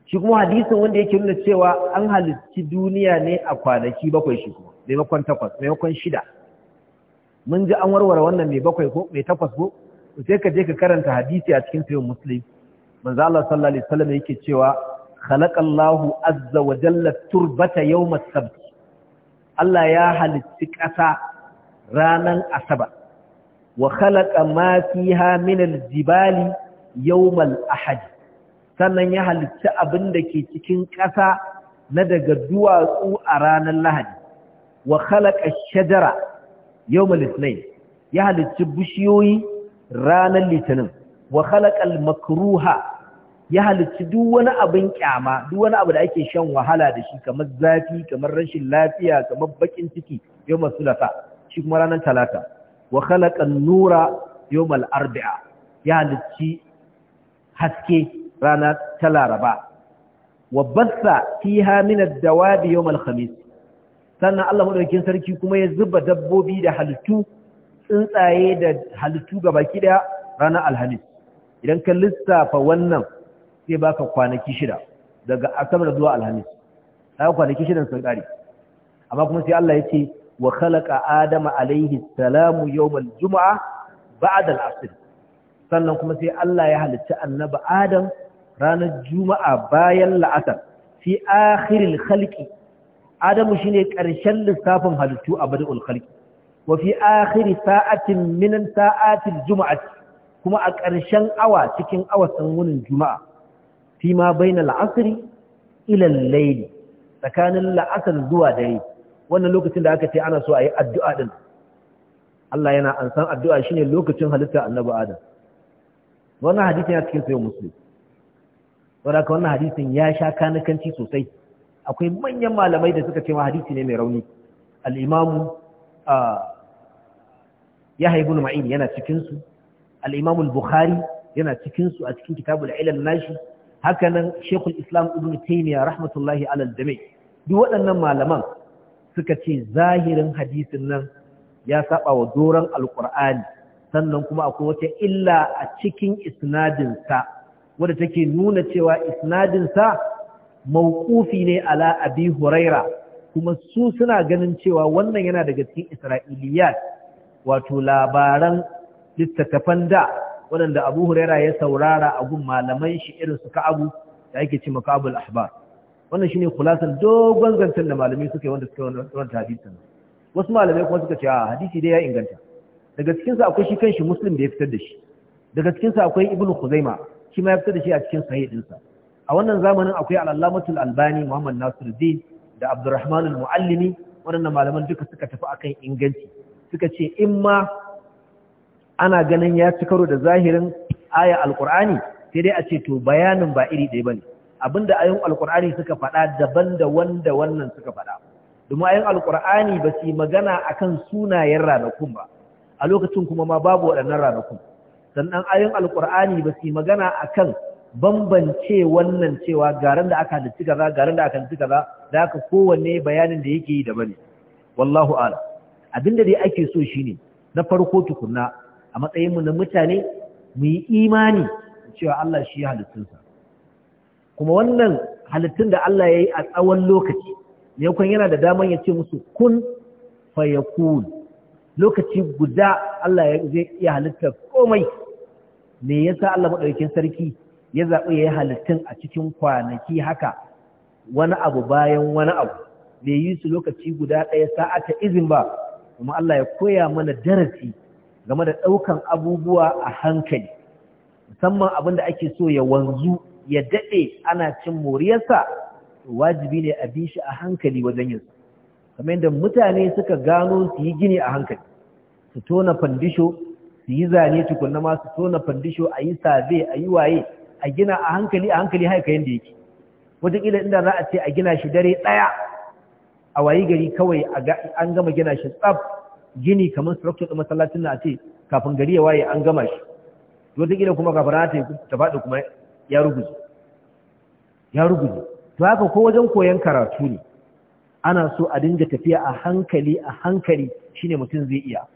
shi kuma hadisin wanda yake nuna cewa an halitti duniya ne a kwanaki bakwai shi kuma maimakon takwas maimakon shida mun ji an warware wannan mai bakwai ko mai takwas ko sai ka je ka karanta hadisi a cikin sayin muslim manzo Allah sallallahu alaihi wasallam yake cewa khalaqallahu azza wa jalla turbata yawm as-sabt Allah ya halitti ƙasa ranan asaba wa khalaqa ma fiha min al-jibali yawmal ahad sannan ya halitta abin da ke cikin ƙasa na daga duwatsu a ranar lahadi wa khalaqa shajara yawmal ya halitta bishiyoyi ranar litinin wa khalaqa al-makruha ya halitta duk wani abin kyama duk wani abu da ake shan wahala da shi kamar zafi kamar rashin lafiya kamar bakin ciki yau masu shi kuma ranar talata wa khalaqan nura yawmal arba'a ya halicci haske rana ta laraba wa bassa fiha min ad-dawabi yawmal khamis sannan Allah madaukakin sarki kuma ya zuba dabbobi da halittu tsuntsaye da halittu gabaki daya ranar alhamis idan ka lissafa wannan sai baka kwanaki shida daga asabar zuwa alhamis sai kwanaki shida sun kare amma kuma sai Allah ya ce wa khalaqa adama alaihi salamu yawmal juma'a ba'da sannan kuma sai Allah ya halicci annabi Adam ranar juma'a bayan la'asar fi akhiril khalqi Adamu shine ƙarshen lissafin halittu a badul khalqi wa fi akhiri sa'atin min sa'atil juma'ati kuma a ƙarshen awa cikin awasan wunin juma'a fi ma bainal asri ila al-layl tsakanin la'asar zuwa dare wannan lokacin da aka ce ana so a yi addu'a din Allah yana ansan addu'a shine lokacin halitta annabu Adam wannan hadisin ya cikin sayan musulmi wadda ka wannan hadisin ya sha kanakanci sosai akwai manyan malamai da suka ce ma hadisi ne mai rauni al'imamu ya haibu na ma'ini yana cikinsu al'imamu bukhari yana cikinsu a cikin kitabul ilal nashi hakanan shekul islam ibn taimiyya rahmatullahi alal jami duk waɗannan malaman suka ce zahirin hadisin nan ya saba wa doron alkur'ani sannan kuma akwai wata illa a cikin isnadinsa wadda take nuna cewa isnadinsa mawqufi ne ala abi huraira kuma su suna ganin cewa wannan yana daga cikin isra'iliyat wato labaran littattafan da waɗanda abu huraira ya saurara a gun malaman shi irin su ka'abu da ake ce makabul ahbar wannan shine kulasar dogon zancen da malamai suka yi wanda suka wanda hadisin wasu malamai kuma suka ce a hadisi dai ya inganta daga cikin sa akwai shi kanshi muslim da ya fitar da shi daga cikin sa akwai ibnu khuzaima shi ma ya fitar da shi a cikin sahih din sa a wannan zamanin akwai al-allamatul albani muhammad nasiruddin da abdurrahman al-muallimi waɗannan malaman duka suka tafi akan inganci suka ce in ma ana ganin ya ci karo da zahirin aya alkur'ani sai dai a ce to bayanin ba iri ɗaya bane abinda ayoyin alkur'ani suka faɗa daban da wanda wannan suka faɗa domin ayoyin alkur'ani ba su magana akan sunayen ranakun ba a lokacin kuma ma babu waɗannan ranakun sannan ayoyin alkur'ani ba su magana akan bambance wannan cewa garin da aka halitta kaza garin da aka halitta kaza da aka kowanne bayanin da yake yi daban ne wallahu ala abinda dai ake so shine na farko tukunna a matsayin mu na mutane mu yi imani cewa Allah shi ya halittunsa kuma wannan halittun da Allah ya yi a tsawon lokaci yakon yana da daman ya ce musu kun fayakun lokaci guda Allah ya zai iya halitta komai me yasa Allah maɗaukin sarki ya zaɓi ya yi halittun a cikin kwanaki haka wani abu bayan wani abu me yi su lokaci guda ɗaya sa'ata izin ba kuma Allah ya koya mana darasi game da ɗaukan abubuwa a hankali musamman abin da ake so ya wanzu ya daɗe ana cin moriyarsa wajibi ne a bi shi a hankali wajen yin kamar yadda mutane suka gano su yi gini a hankali su tona fandisho su yi zane tukunna ma su tona fandisho a yi sabe a yi waye a gina a hankali a hankali haika yadda yake wataƙila inda za a ce a gina shi dare ɗaya a wayi gari kawai an gama gina shi tsaf gini kamar structure ɗin masallacin na a ce kafin gari ya waye an gama shi wataƙila kuma kafin ta faɗi kuma ya ruguje ya ruguje to haka ko wajen koyon karatu ne ana so a dinga tafiya a hankali a hankali shine mutum zai iya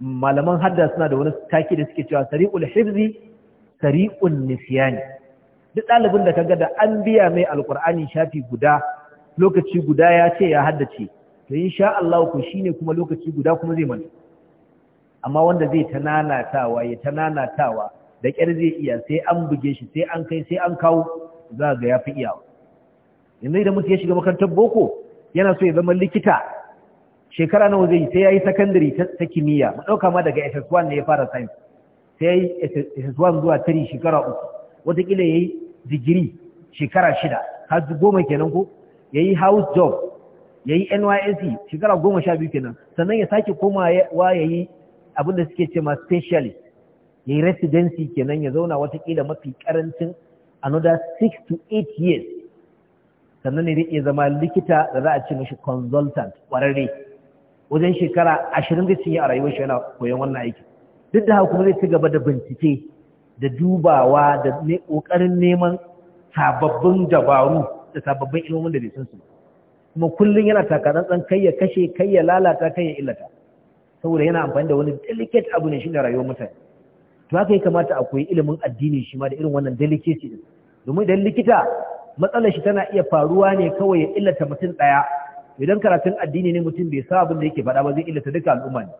malaman hadda suna da wani taki da suke cewa sari'ul hifzi sari'ul nisyani duk ɗalibin da kaga da an biya mai alkur'ani shafi guda lokaci guda ya ce ya haddace to insha Allah ku shine kuma lokaci guda kuma zai manta amma wanda zai ta ya tananatawa nanatawa da ƙyar zai iya sai an buge shi sai an kai sai an kawo za ga ya fi iya yanzu idan mutum ya shiga makarantar boko yana so ya zama likita shekara nawa zai sai ya yi sakandare ta kimiyya mu ɗauka ma daga ss1 ne ya fara science sai ya yi ss1 zuwa 3 shekara uku watakila ya yi digiri shekara shida har goma kenan ko ya yi house job ya yi nysc e shekara goma sha biyu kenan sannan ya sake komawa ya yi abinda suke ce ma specialist ya yi residency kenan ya zauna watakila mafi karancin another 6 to 8 years sannan ne ya zama likita da za a ce mashi consultant ƙwararre wajen shekara 20 zai cinye a rayuwar shi yana koyon wannan aiki duk da haka kuma zai ci gaba da bincike da dubawa da ƙoƙarin neman sababbin dabaru da sababbin ilmomin da bai san su kuma kullum yana takatsantsan kai ya kashe kai ya lalata kai ya illata saboda yana amfani da wani delicate abu ne shi da rayuwar mutane to haka ya kamata a koyi ilimin addini shi ma da irin wannan delicacy din domin idan likita matsalar shi tana iya faruwa ne kawai ya illata mutum daya idan karatun addini ne mutum bai sa abin da yake faɗa ba zai illata duka al'umma ne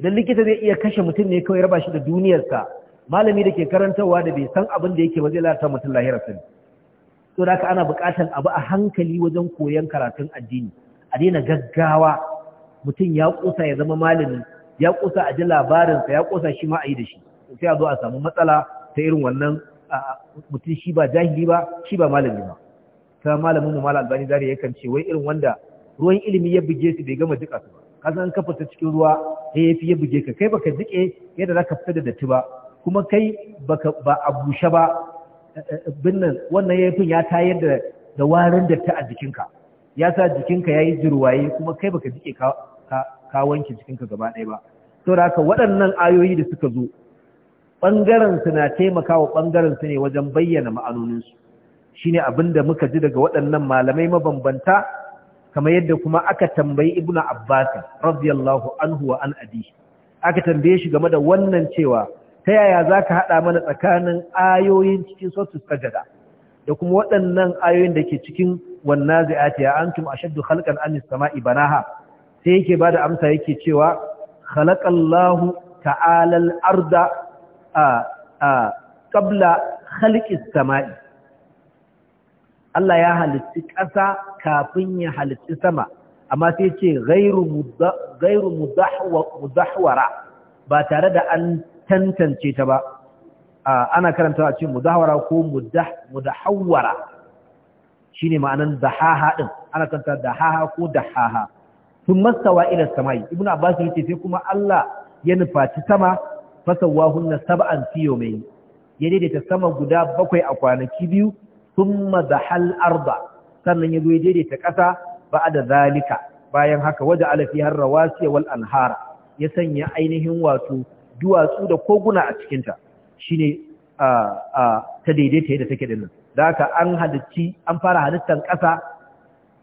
idan likita zai iya kashe mutum ne kawai raba shi da duniyarsa malami da ke karantarwa da bai san abin da yake ba zai lalata mutum lahira ne to da ana buƙatar abu a hankali wajen koyon karatun addini a daina gaggawa mutum ya kusa ya zama malamin ya kusa a ji labarinsa ya kusa shi ma a yi da shi sai a zo a samu matsala ta irin wannan mutum shi ba jahili ba shi ba malami ba ta malamin mu malam albani zari yakan ce wai irin wanda ruwan ilimi ya buge su bai gama duka su ba ka san ka fita cikin ruwa sai ya fi ya buge ka kai baka jike yadda zaka fita da datti ba kuma kai baka ba a bushe ba eh, eh, eh, binnan wannan yafin ya tayar da da warin datti a jikinka ya sa jikinka yi jirwaye kuma kai baka jike ka ka wanke cikinka gaba ɗaya ba saboda haka waɗannan ayoyi da suka zo Ɓangarensu su na taimakawa ɓangarensu su ne wajen bayyana ma'anoninsu shine abin da muka ji daga waɗannan malamai mabambanta kamar yadda kuma aka tambayi ibnu abbas radiyallahu anhu wa an abi aka tambaye shi game da wannan cewa ta yaya za ka haɗa mana tsakanin ayoyin cikin sautu sajada, da kuma waɗannan ayoyin da ke cikin wannan zai'ati ya antum ashaddu halkan amis sama'i banaha sai yake ba da amsa yake cewa khalaqallahu ta'ala al-arda a a qabla khalqis sama'i Allah ya halitti ƙasa kafin ya halitti sama amma sai ce gairu mudahwara ba tare da an tantance ta ba ana karanta a ce mudahwara ko mudahawara shi ne ma'anan dahaha ɗin ana karanta dahaha ko dahaha sun mastawa ila sama'i ibnu abbas yace sai kuma Allah ya nufaci sama fasawa hunna sab'an fi yawmayn ya daidaita sama guda bakwai a kwanaki biyu thumma dahal arda sannan ya zo ya daidaita ƙasa da zalika bayan haka waja ala fiha rawasiya wal anhara ya sanya ainihin wato duwatsu da koguna a cikinta. ta shine a ta daidaita yadda take dinnan da haka an halicci an fara halittar ƙasa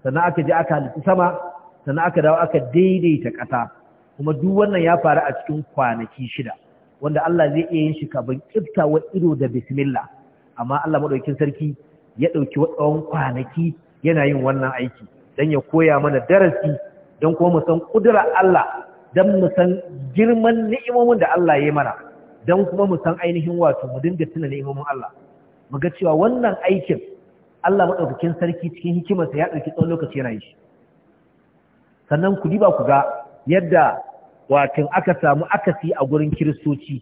sannan aka je aka halitta sama sannan aka dawo aka daidaita ƙasa kuma duk wannan ya faru a cikin kwanaki shida wanda Allah zai iya yin shi kafin ƙiftawa ido da bismillah amma Allah madaukakin sarki ya dauki tsawon kwanaki yana yin wannan aiki dan ya koya mana darasi dan kuma mu san kudurar Allah dan mu san girman ni'imomin da Allah ya yi mana dan kuma mu san ainihin wato mu dinga tuna ni'imomin Allah mu ga cewa wannan aikin Allah madaukakin sarki cikin hikimarsa ya dauki tsawon lokaci yana yi sannan ku diba ku ga yadda wakin aka samu akasi a gurin kiristoci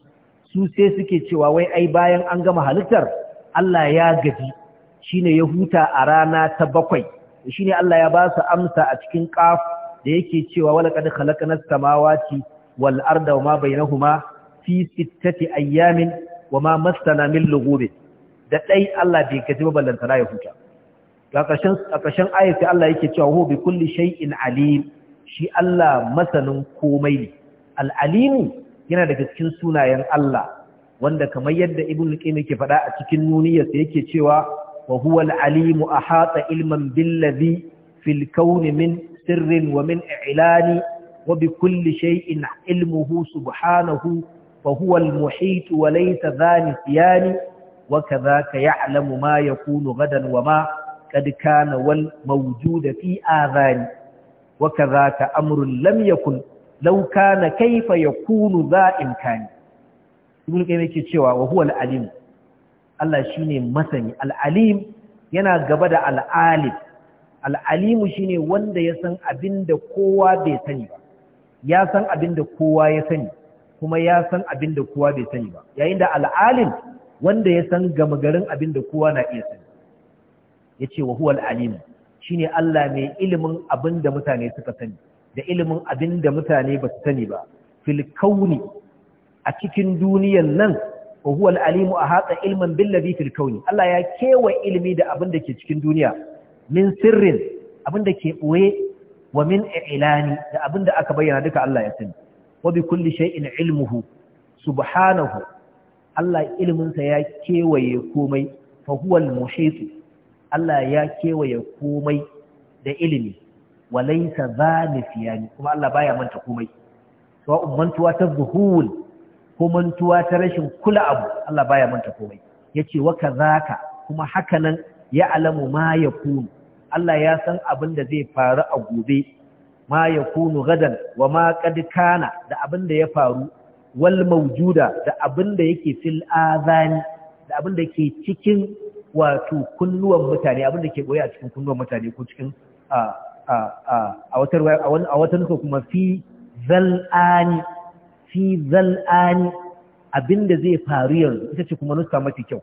su sai suke cewa wai ai bayan an gama halittar Allah ya gaji shine ya huta a rana ta bakwai shine Allah ya ba su amsa a cikin kaf da yake cewa wala qad khalaqnas samawati wal arda wama bainahuma fi sittati ayyamin wama massana min lughub da dai Allah bai gaji ba ballantana ya huta ga ƙarshen ƙarshen ayati Allah yake cewa hu bi kulli shay'in alim shi Allah masanin komai ne al'alimu yana daga cikin sunayen Allah wanda kamar yadda ibn al-qayyim faɗa a cikin nuniyarsa yake cewa wa huwa a alimu ahata ilman billadhi fil min sirrin wa min i'lani wa bi kulli shay'in ilmuhu subhanahu fa huwa al-muhit wa laysa dhani siyani wa kadhaka ya'lamu ma yakunu gadan wa ma qad kana wal mawjuda fi adhani wa kaza ta amrun lam na kai fa ya yakunu za imkani ibn qayyim yake cewa wa huwa al-alim Allah shine masani al yana gaba da al-alim al-alimu shine wanda ya san abinda kowa bai sani ba ya san abinda kowa ya sani kuma ya san abinda kowa bai sani ba yayin da al wanda ya san gama garin abinda kowa na iya sani yace wa huwa al shine Allah mai ilimin abin da mutane suka sani da ilimin abin da mutane ba su sani ba Filkauni a cikin duniyan nan wa huwa al-alimu ahata ilman billadhi fil kauni Allah ya kewa ilimi da abin da ke cikin duniya min sirrin abin da ke boye wa min ilani da abin da aka bayyana duka Allah ya sani wa bi kulli shay'in ilmuhu subhanahu Allah iliminsa ya kewaye komai fa huwa al-muhit Allah ya kewaye komai da ilimi walaisa zanifiyani kuma Allah baya manta komai sawa'un ummantuwa ta zuhul ko mantuwa ta rashin kula abu Allah baya manta komai yace wa kazaka kuma hakanan ya alamu ma yakun Allah ya san abin da zai faru a gobe ma yakunu gadan wa ma qad kana da abin da ya faru wal mawjuda da abin da yake fil azani da abin da ke cikin wato kunnuwan mutane abin da ke goye a cikin kunnuwan mutane ko cikin a wata nufa kuma fi zal'ani fi zal'ani abin da zai faru yanzu ita ce kuma nuska mafi kyau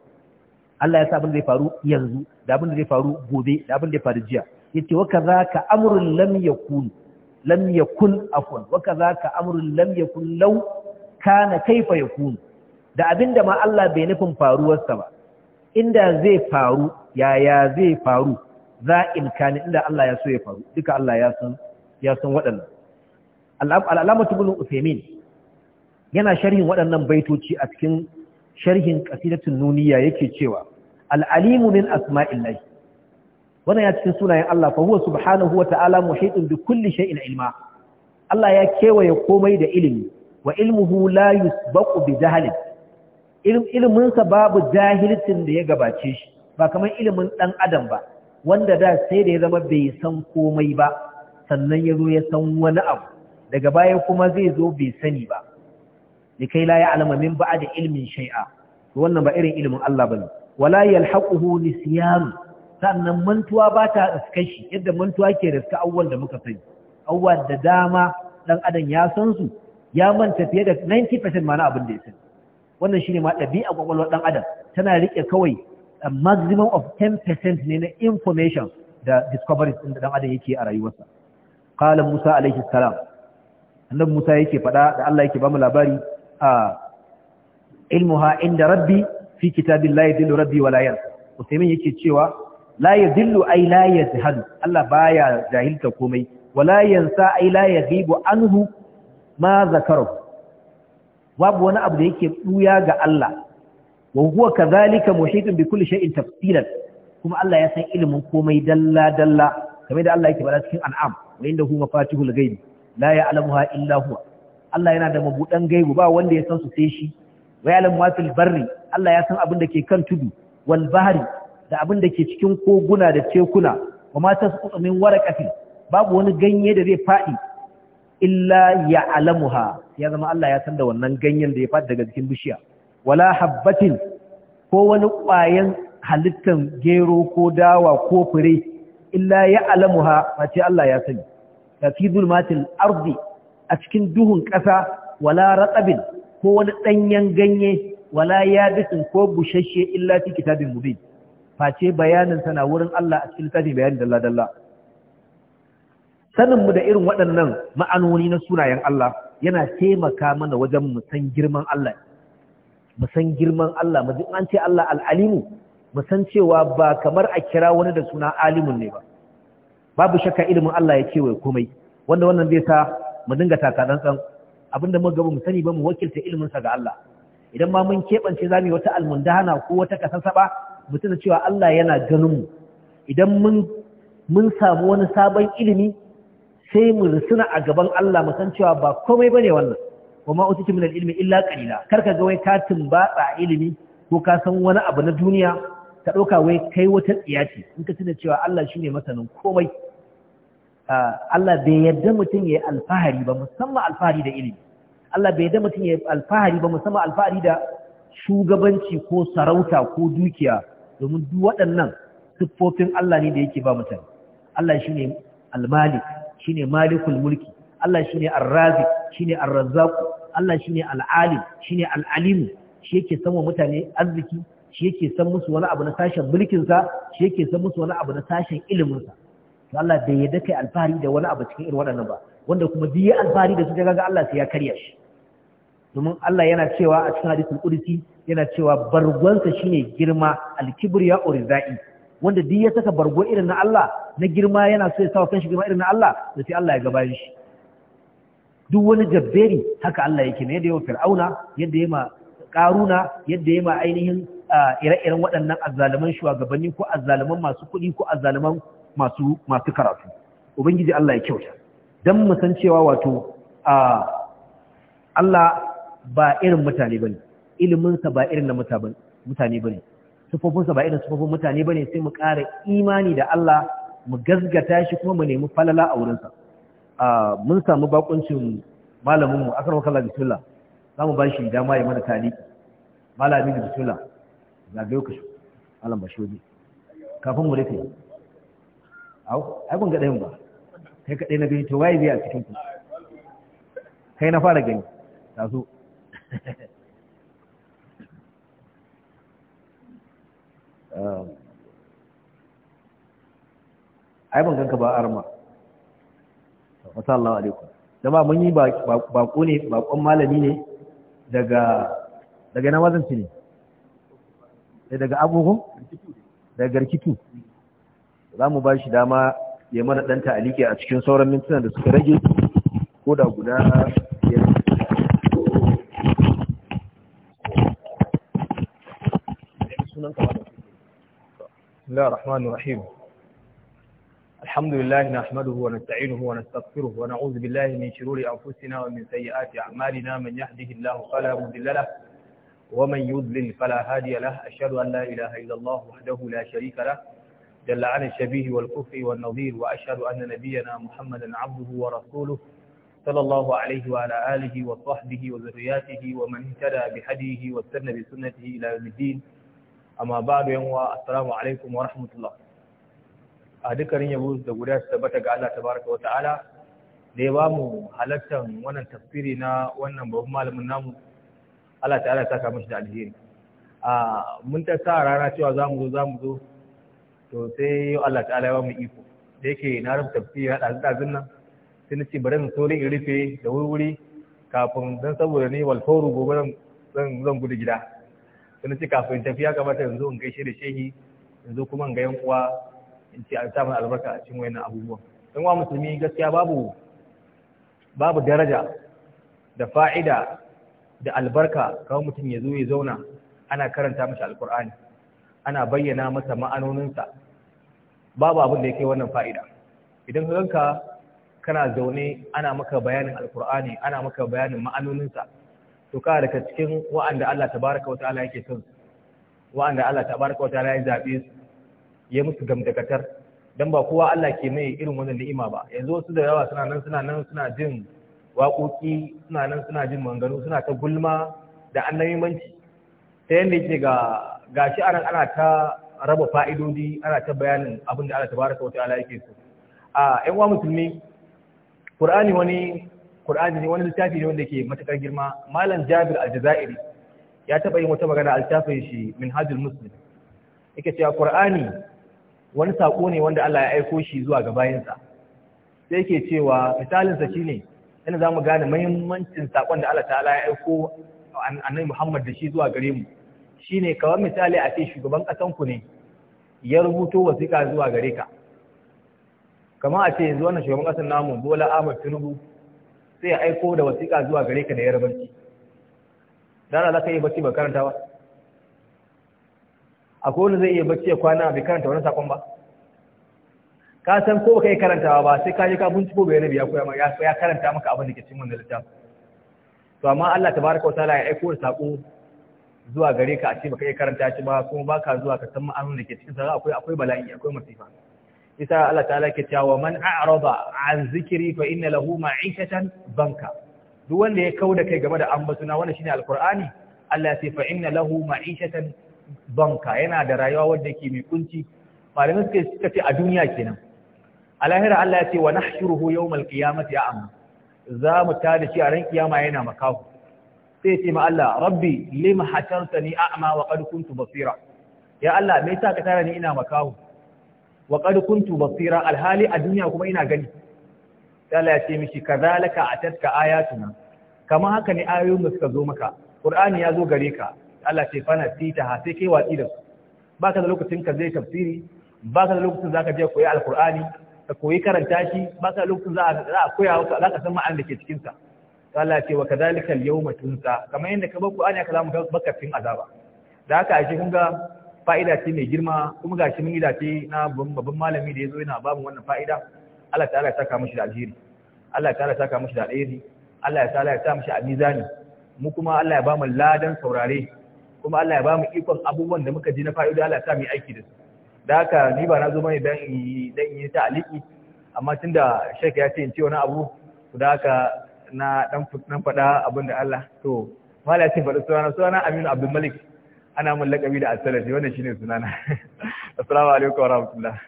Allah ya sa abin da zai faru yanzu da abin da zai faru gobe da abin da ya faru jiya yace wa ka amrun lam yakun lam yakun afwan wa ka amrun lam yakun law kana kaifa yakun da abin da ma Allah bai nufin faruwarsa ba inda zai faru yaya zai faru za imkani inda Allah ya so ya faru duka Allah ya san ya san waɗannan al'alamatu ibn Uthaymeen yana sharhin waɗannan baitoci a cikin sharhin qasidatun nuniya yake cewa al'alimu min asma'illahi wannan ya cikin sunayen Allah fa huwa subhanahu wata'ala muhitun bi kulli shay'in ilma Allah ya kewaye komai da ilimi wa ilmuhu la yusbaqu bi jahlin iliminsa babu jahilcin da ya gabace shi ba kamar ilimin ɗan adam ba wanda da sai da ya zama bai san komai ba sannan ya zo ya san wani abu daga baya kuma zai zo bai sani ba likai la ya alama ba'a da ilmin shai'a wannan ba irin ilimin Allah ne. wala yalhaquhu nisyan sannan mantuwa ba ta shi yadda mantuwa ke riska awwal da muka sani awwal da dama dan adam ya san su ya manta fiye da 90% ma abin da ya sani wannan shine ma ɗabi'a kwakwalwar ɗan adam tana riƙe kawai a maximum of 10% ne na information da discoveries ɗin da ɗan adam yake a rayuwarsa qala musa alaihi salam annabi musa yake faɗa da Allah yake ba mu labari a ilmuha inda rabbi fi kitabillahi dillu rabbi wala yansa usaimin yake cewa la yadillu ay la Allah baya jahilta komai wala yansa ay la anhu ma zakarahu babu wani abu da yake buya ga Allah wa huwa kadhalika muhitun bi kulli shay'in tafsilan kuma Allah ya san ilimin komai dalla dalla kamar da Allah yake bada cikin an'am wa inda huwa fatihul ghaib la ya'lamuha illa huwa Allah yana da mabudan gaibu ba wanda ya san su sai shi wa ya'lamu ma fil barri Allah ya san abin da ke kan tudu wal bahri da abin da ke cikin koguna da tekuna wa ma tasqutu min waraqatin babu wani ganye da zai fadi illa ya'lamuha ya zama Allah ya san da wannan ganyen da ya fada daga cikin bishiya wala habbatin ko wani ƙwayan halittan gero ko dawa ko fure illa ya'lamuha face Allah ya sani ta fi zulmatil a cikin duhun ƙasa wala ratsabin ko wani ɗanyen ganye wala yabisin ko bushashe illa fi kitabin mubin face bayanin sana wurin Allah a cikin littafin bayanin dalla-dalla saninmu da irin waɗannan ma'anoni na sunayen Allah yana taimaka mana wajen mu san girman Allah mu san girman Allah mu an ce Allah al'alimu mu san cewa ba kamar a kira wani da suna alimun ne ba babu shakka ilimin Allah ya ce wai komai wanda wannan zai sa mu dinga taka tsantsan abinda mu gaba mu sani ba mu wakilta ilimin sa ga Allah idan ma mun kebance zamu wata almundahana ko wata kasasaba mu tuna cewa Allah yana ganin mu idan mun mun samu wani sabon ilimi sai mu rasuna a gaban Allah mu san cewa ba komai bane wannan kuma utitu min al-ilmi illa qalila karka ga wai ka tumbatsa ilimi ko ka san wani abu na duniya ka dauka wai kai wata tsiya ce in ka tuna cewa Allah shine masanin komai Allah bai yarda mutum yayi alfahari ba musamman alfahari da ilimi Allah bai yarda mutum yayi alfahari ba musamman alfahari da shugabanci ko sarauta ko dukiya domin duk waɗannan siffofin Allah ne da yake ba mutane Allah shine al-malik shine malikul mulki Allah shine ar shi shine ar-razzaq Allah shine al-alim shine al-alim shi yake san wa mutane arziki shi yake san musu wani abu na sashen mulkin sa shi yake san musu wani abu na sashen ilimin sa to Allah bai yadda kai alfahari da wani abu cikin irin waɗannan ba wanda kuma duk ya alfahari da su ga Allah sai ya karya shi domin Allah yana cewa a cikin hadisul qudsi yana cewa bargwansa shine girma al-kibriya urizai wanda duk ya saka bargo irin na Allah na girma yana so ya sa kanshi girma irin na Allah da sai Allah ya gabayin shi duk wani jabberi haka Allah yake ne yadda yawa fir'auna yadda ma karuna yadda ma ainihin ire-iren waɗannan azzaluman shugabanni ko azzaluman masu kuɗi ko azzaluman masu masu karatu ubangiji Allah ya kyauta dan mu san cewa wato Allah ba irin mutane bane iliminsa ba irin na mutane bane sufofinsa ba irin sufofin mutane ba ne sai mu ƙara imani da Allah mu gazgata shi kuma mu nemi falala a wurinsa mun samu bakuncin malaminmu akar wakala bisullah za mu ba shi dama ya mana tali malami da bisullah zagayo ka shi alam ba shoji kafin mu rufe au ai ban ga ɗayan ba kai kaɗai na gani to waye biya a cikin ku kai na fara gani taso *laughs* Ah. ai ban ganka ba arma wasallahu alaikum jama'a mun yi bako ne bakon malami ne daga daga na wazanci ne sai eh, daga abubuwan daga garkitu za mu ba shi dama ya mana ɗanta alike a cikin sauran mintuna da suka rage ko da guda الله الرحمن الرحيم الحمد لله نحمده ونستعينه ونستغفره ونعوذ بالله من شرور أنفسنا ومن سيئات أعمالنا من يهده الله فلا مضل له ومن يضلل فلا هادي له أشهد أن لا إله إلا الله وحده لا شريك له جل عن الشبيه والكفر والنظير وأشهد أن نبينا محمدا عبده ورسوله صلى الله عليه وعلى آله وصحبه وذرياته ومن اهتدى بهديه واستنى بسنته إلى يوم الدين amma ba da yanwa assalamu alaikum wa rahmatullah a dukkanin yabo da guda su tabbata ga Allah tabaraka wa ta'ala da ya bamu halattan wannan tafsiri na wannan babban malamin namu Allah ta'ala ta kama shi da alheri a mun ta sa rana cewa mu zo mu zo to sai Allah ta'ala ya bamu iko da yake na rubuta tafsiri hada dazun nan sai nace bari mu saurin in rufe da wuri kafin dan saboda ni walfauru gobe zan zan gudu gida sun ce kafin tafiya kamata yanzu in gaishe da shehi yanzu kuma in ga yan uwa in ce an samu albarka a cikin wayannan abubuwan dan uwa musulmi gaskiya babu babu daraja da fa'ida da albarka kawai mutum ya zo ya zauna ana karanta mashi alkur'ani ana bayyana masa ma'anoninsa babu abin da yake wannan fa'ida idan ka ka kana zaune ana maka bayanin alkur'ani ana maka bayanin ma'anoninsa to ka daga cikin wa'anda Allah tabaraka wa ta'ala yake son wa'anda Allah tabaraka wa ta'ala ya zabe su ya musu gamdakatar dan ba kowa Allah ke mai irin wannan ni'ima ba yanzu wasu da yawa suna nan suna nan suna jin waƙoƙi suna nan suna jin manganu suna ta gulma da annabimanci ta yanda yake ga gashi anan ana ta raba fa'idodi ana ta bayanin abin da Allah tabaraka wa ta'ala yake so a ƴan uwa musulmi Qur'ani wani kur'ani ne wani littafi ne wanda ke matakar girma Malam Jabir Al-Jazairi ya taba yin wata magana a littafin shi Minhajul Muslim yake cewa Kur'ani wani sako ne wanda Allah ya aiko shi zuwa ga bayinsa sai yake cewa misalin sa shine yana zamu gane muhimmancin sakon da Allah ta'ala ya aiko annabi Muhammad da shi zuwa gare mu shine kawai misali a ce shugaban kasan ku ne ya rubuto wasiƙa zuwa gare ka kamar a ce yanzu wannan shugaban kasan namu Bola Ahmad Tinubu sai ya aiko da wasiƙa zuwa gare ka da yarbanci dana za ka yi bacci ba karanta ba akwai wani zai iya bacci ya kwana bai karanta wani sakon ba ka san ko kai karantawa ba sai ka je ka binciko bai rabi ya koya ma ya karanta maka abin da ke cikin wannan littafin to amma Allah tabaraka taala ya aiko da sako zuwa gare ka a ce baka iya karanta shi ba kuma baka zuwa ka san ma'anonin da ke cikin sa akwai akwai bala'i akwai masifa isa Allah ta'ala ke cewa man a'rada an zikri fa inna lahu ma'ishatan banka duk wanda ya kauda kai game da ambatuna wannan shine alqur'ani Allah ya ce fa inna lahu ma'ishatan banka yana da rayuwa wanda yake mai kunci Malamin suka suka ce a duniya kenan a lahira Allah ya ce wa nahshuruhu yawmal qiyamati Amma? za mu tada shi a ran kiyama yana makahu sai ya ce ma Allah rabbi lima hashartani a'ma wa qad kuntu basira ya Allah me yasa ka tara ni ina makaho? wa qad basira alhali a duniya kuma ina gani Allah ya ce mishi a atatka ayatuna kama haka ne ayoyin da suka zo maka ƙurani ya zo gare ka Allah ce fana sita ha sai kai watsi da su ka da lokacin ka zai tafsiri baka da lokacin ka je koyi alqur'ani ka koyi karanta shi baka da lokacin za a koya Za ka san ma'anar da ke cikin sa Allah ce wa ka al-yawma tunsa kamar yadda ka bar qur'ani ka zamu baka azaba da haka ashe kun ga fa'ida ce mai girma kuma ga mun yi dace na babban malami da ya zo yana babu wannan fa'ida Allah ta'ala ya saka mishi da alheri Allah ta'ala ya saka mishi da alheri Allah ya ta'ala ya sa mishi a mizani mu kuma Allah ya ba mu ladan saurare kuma Allah ya ba mu ikon abubuwan da muka ji na fa'ida Allah ya sa mu yi aiki da su da haka ni ba na zo bane dan dan yi ta'aliki amma tunda shek ya ce in ce wani abu to da haka na dan dan faɗa abin da Allah to malaka ce faɗa sunana sunana Aminu Abdul Malik ana mun lakabi da asalafi wannan shine sunana assalamu alaikum wa rahmatullah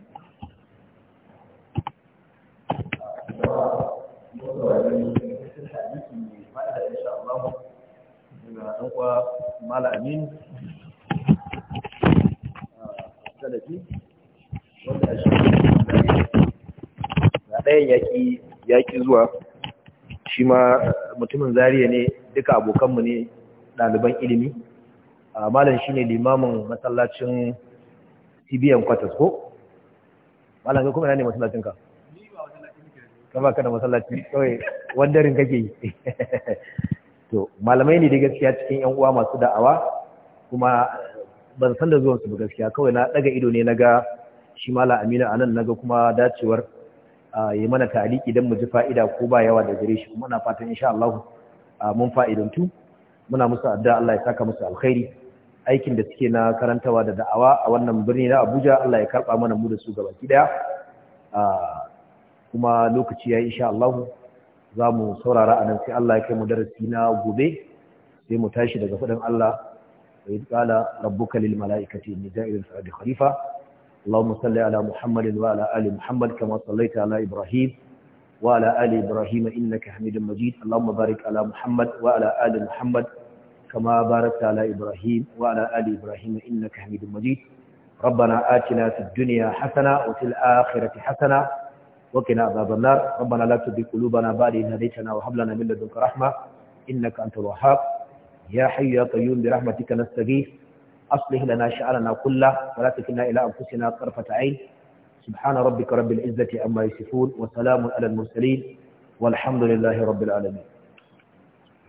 ɗayan yaƙi zuwa shi ma mutumin zariya ne duka abokanmu ne ɗaliban ilimi malam shi ne limamin masallacin CBN kwatas ko malam ga kuma ne masallacin ka ka baka da matsalacin kawai wandarin kake yi *laughs* to malamai ne da gaskiya cikin yan uwa masu da'awa kuma ban san da zuwansu ba gaskiya kawai na daga ido ne ga shi mala amina a na naga kuma dacewar yi mana tali don mu ji fa'ida ko ba yawa da gare shi muna fatan insha Allah mun fa'idantu muna musu addu'a Allah ya saka musu alkhairi aikin da suke na karantawa da da'awa a wannan birni na Abuja Allah ya karba mana mu da su gaba daya kuma lokaci yayi insha Allah za mu saurara anan sai Allah ya kai mu darasi na gobe sai mu tashi daga fadin Allah wa idh qala rabbuka lil mala'ikati inni ja'ilun fil ardi khalifa اللهم صل على محمد وعلى ال محمد كما صليت على ابراهيم وعلى ال ابراهيم انك حميد مجيد اللهم بارك على محمد وعلى ال محمد كما باركت على إبراهيم وعلى آل إبراهيم إنك حميد مجيد ربنا آتنا في الدنيا حسنة وفي الآخرة حسنة وقنا عذاب النار ربنا لا تزغ قلوبنا بعد إذ هديتنا وهب لنا من لدنك رحمة إنك أنت الوهاب يا حي يا قيوم برحمتك نستغيث أصلح لنا شأننا كله ولا تكلنا إلى أنفسنا طرفة عين سبحان ربك رب العزة عما يصفون وسلام على المرسلين والحمد لله رب العالمين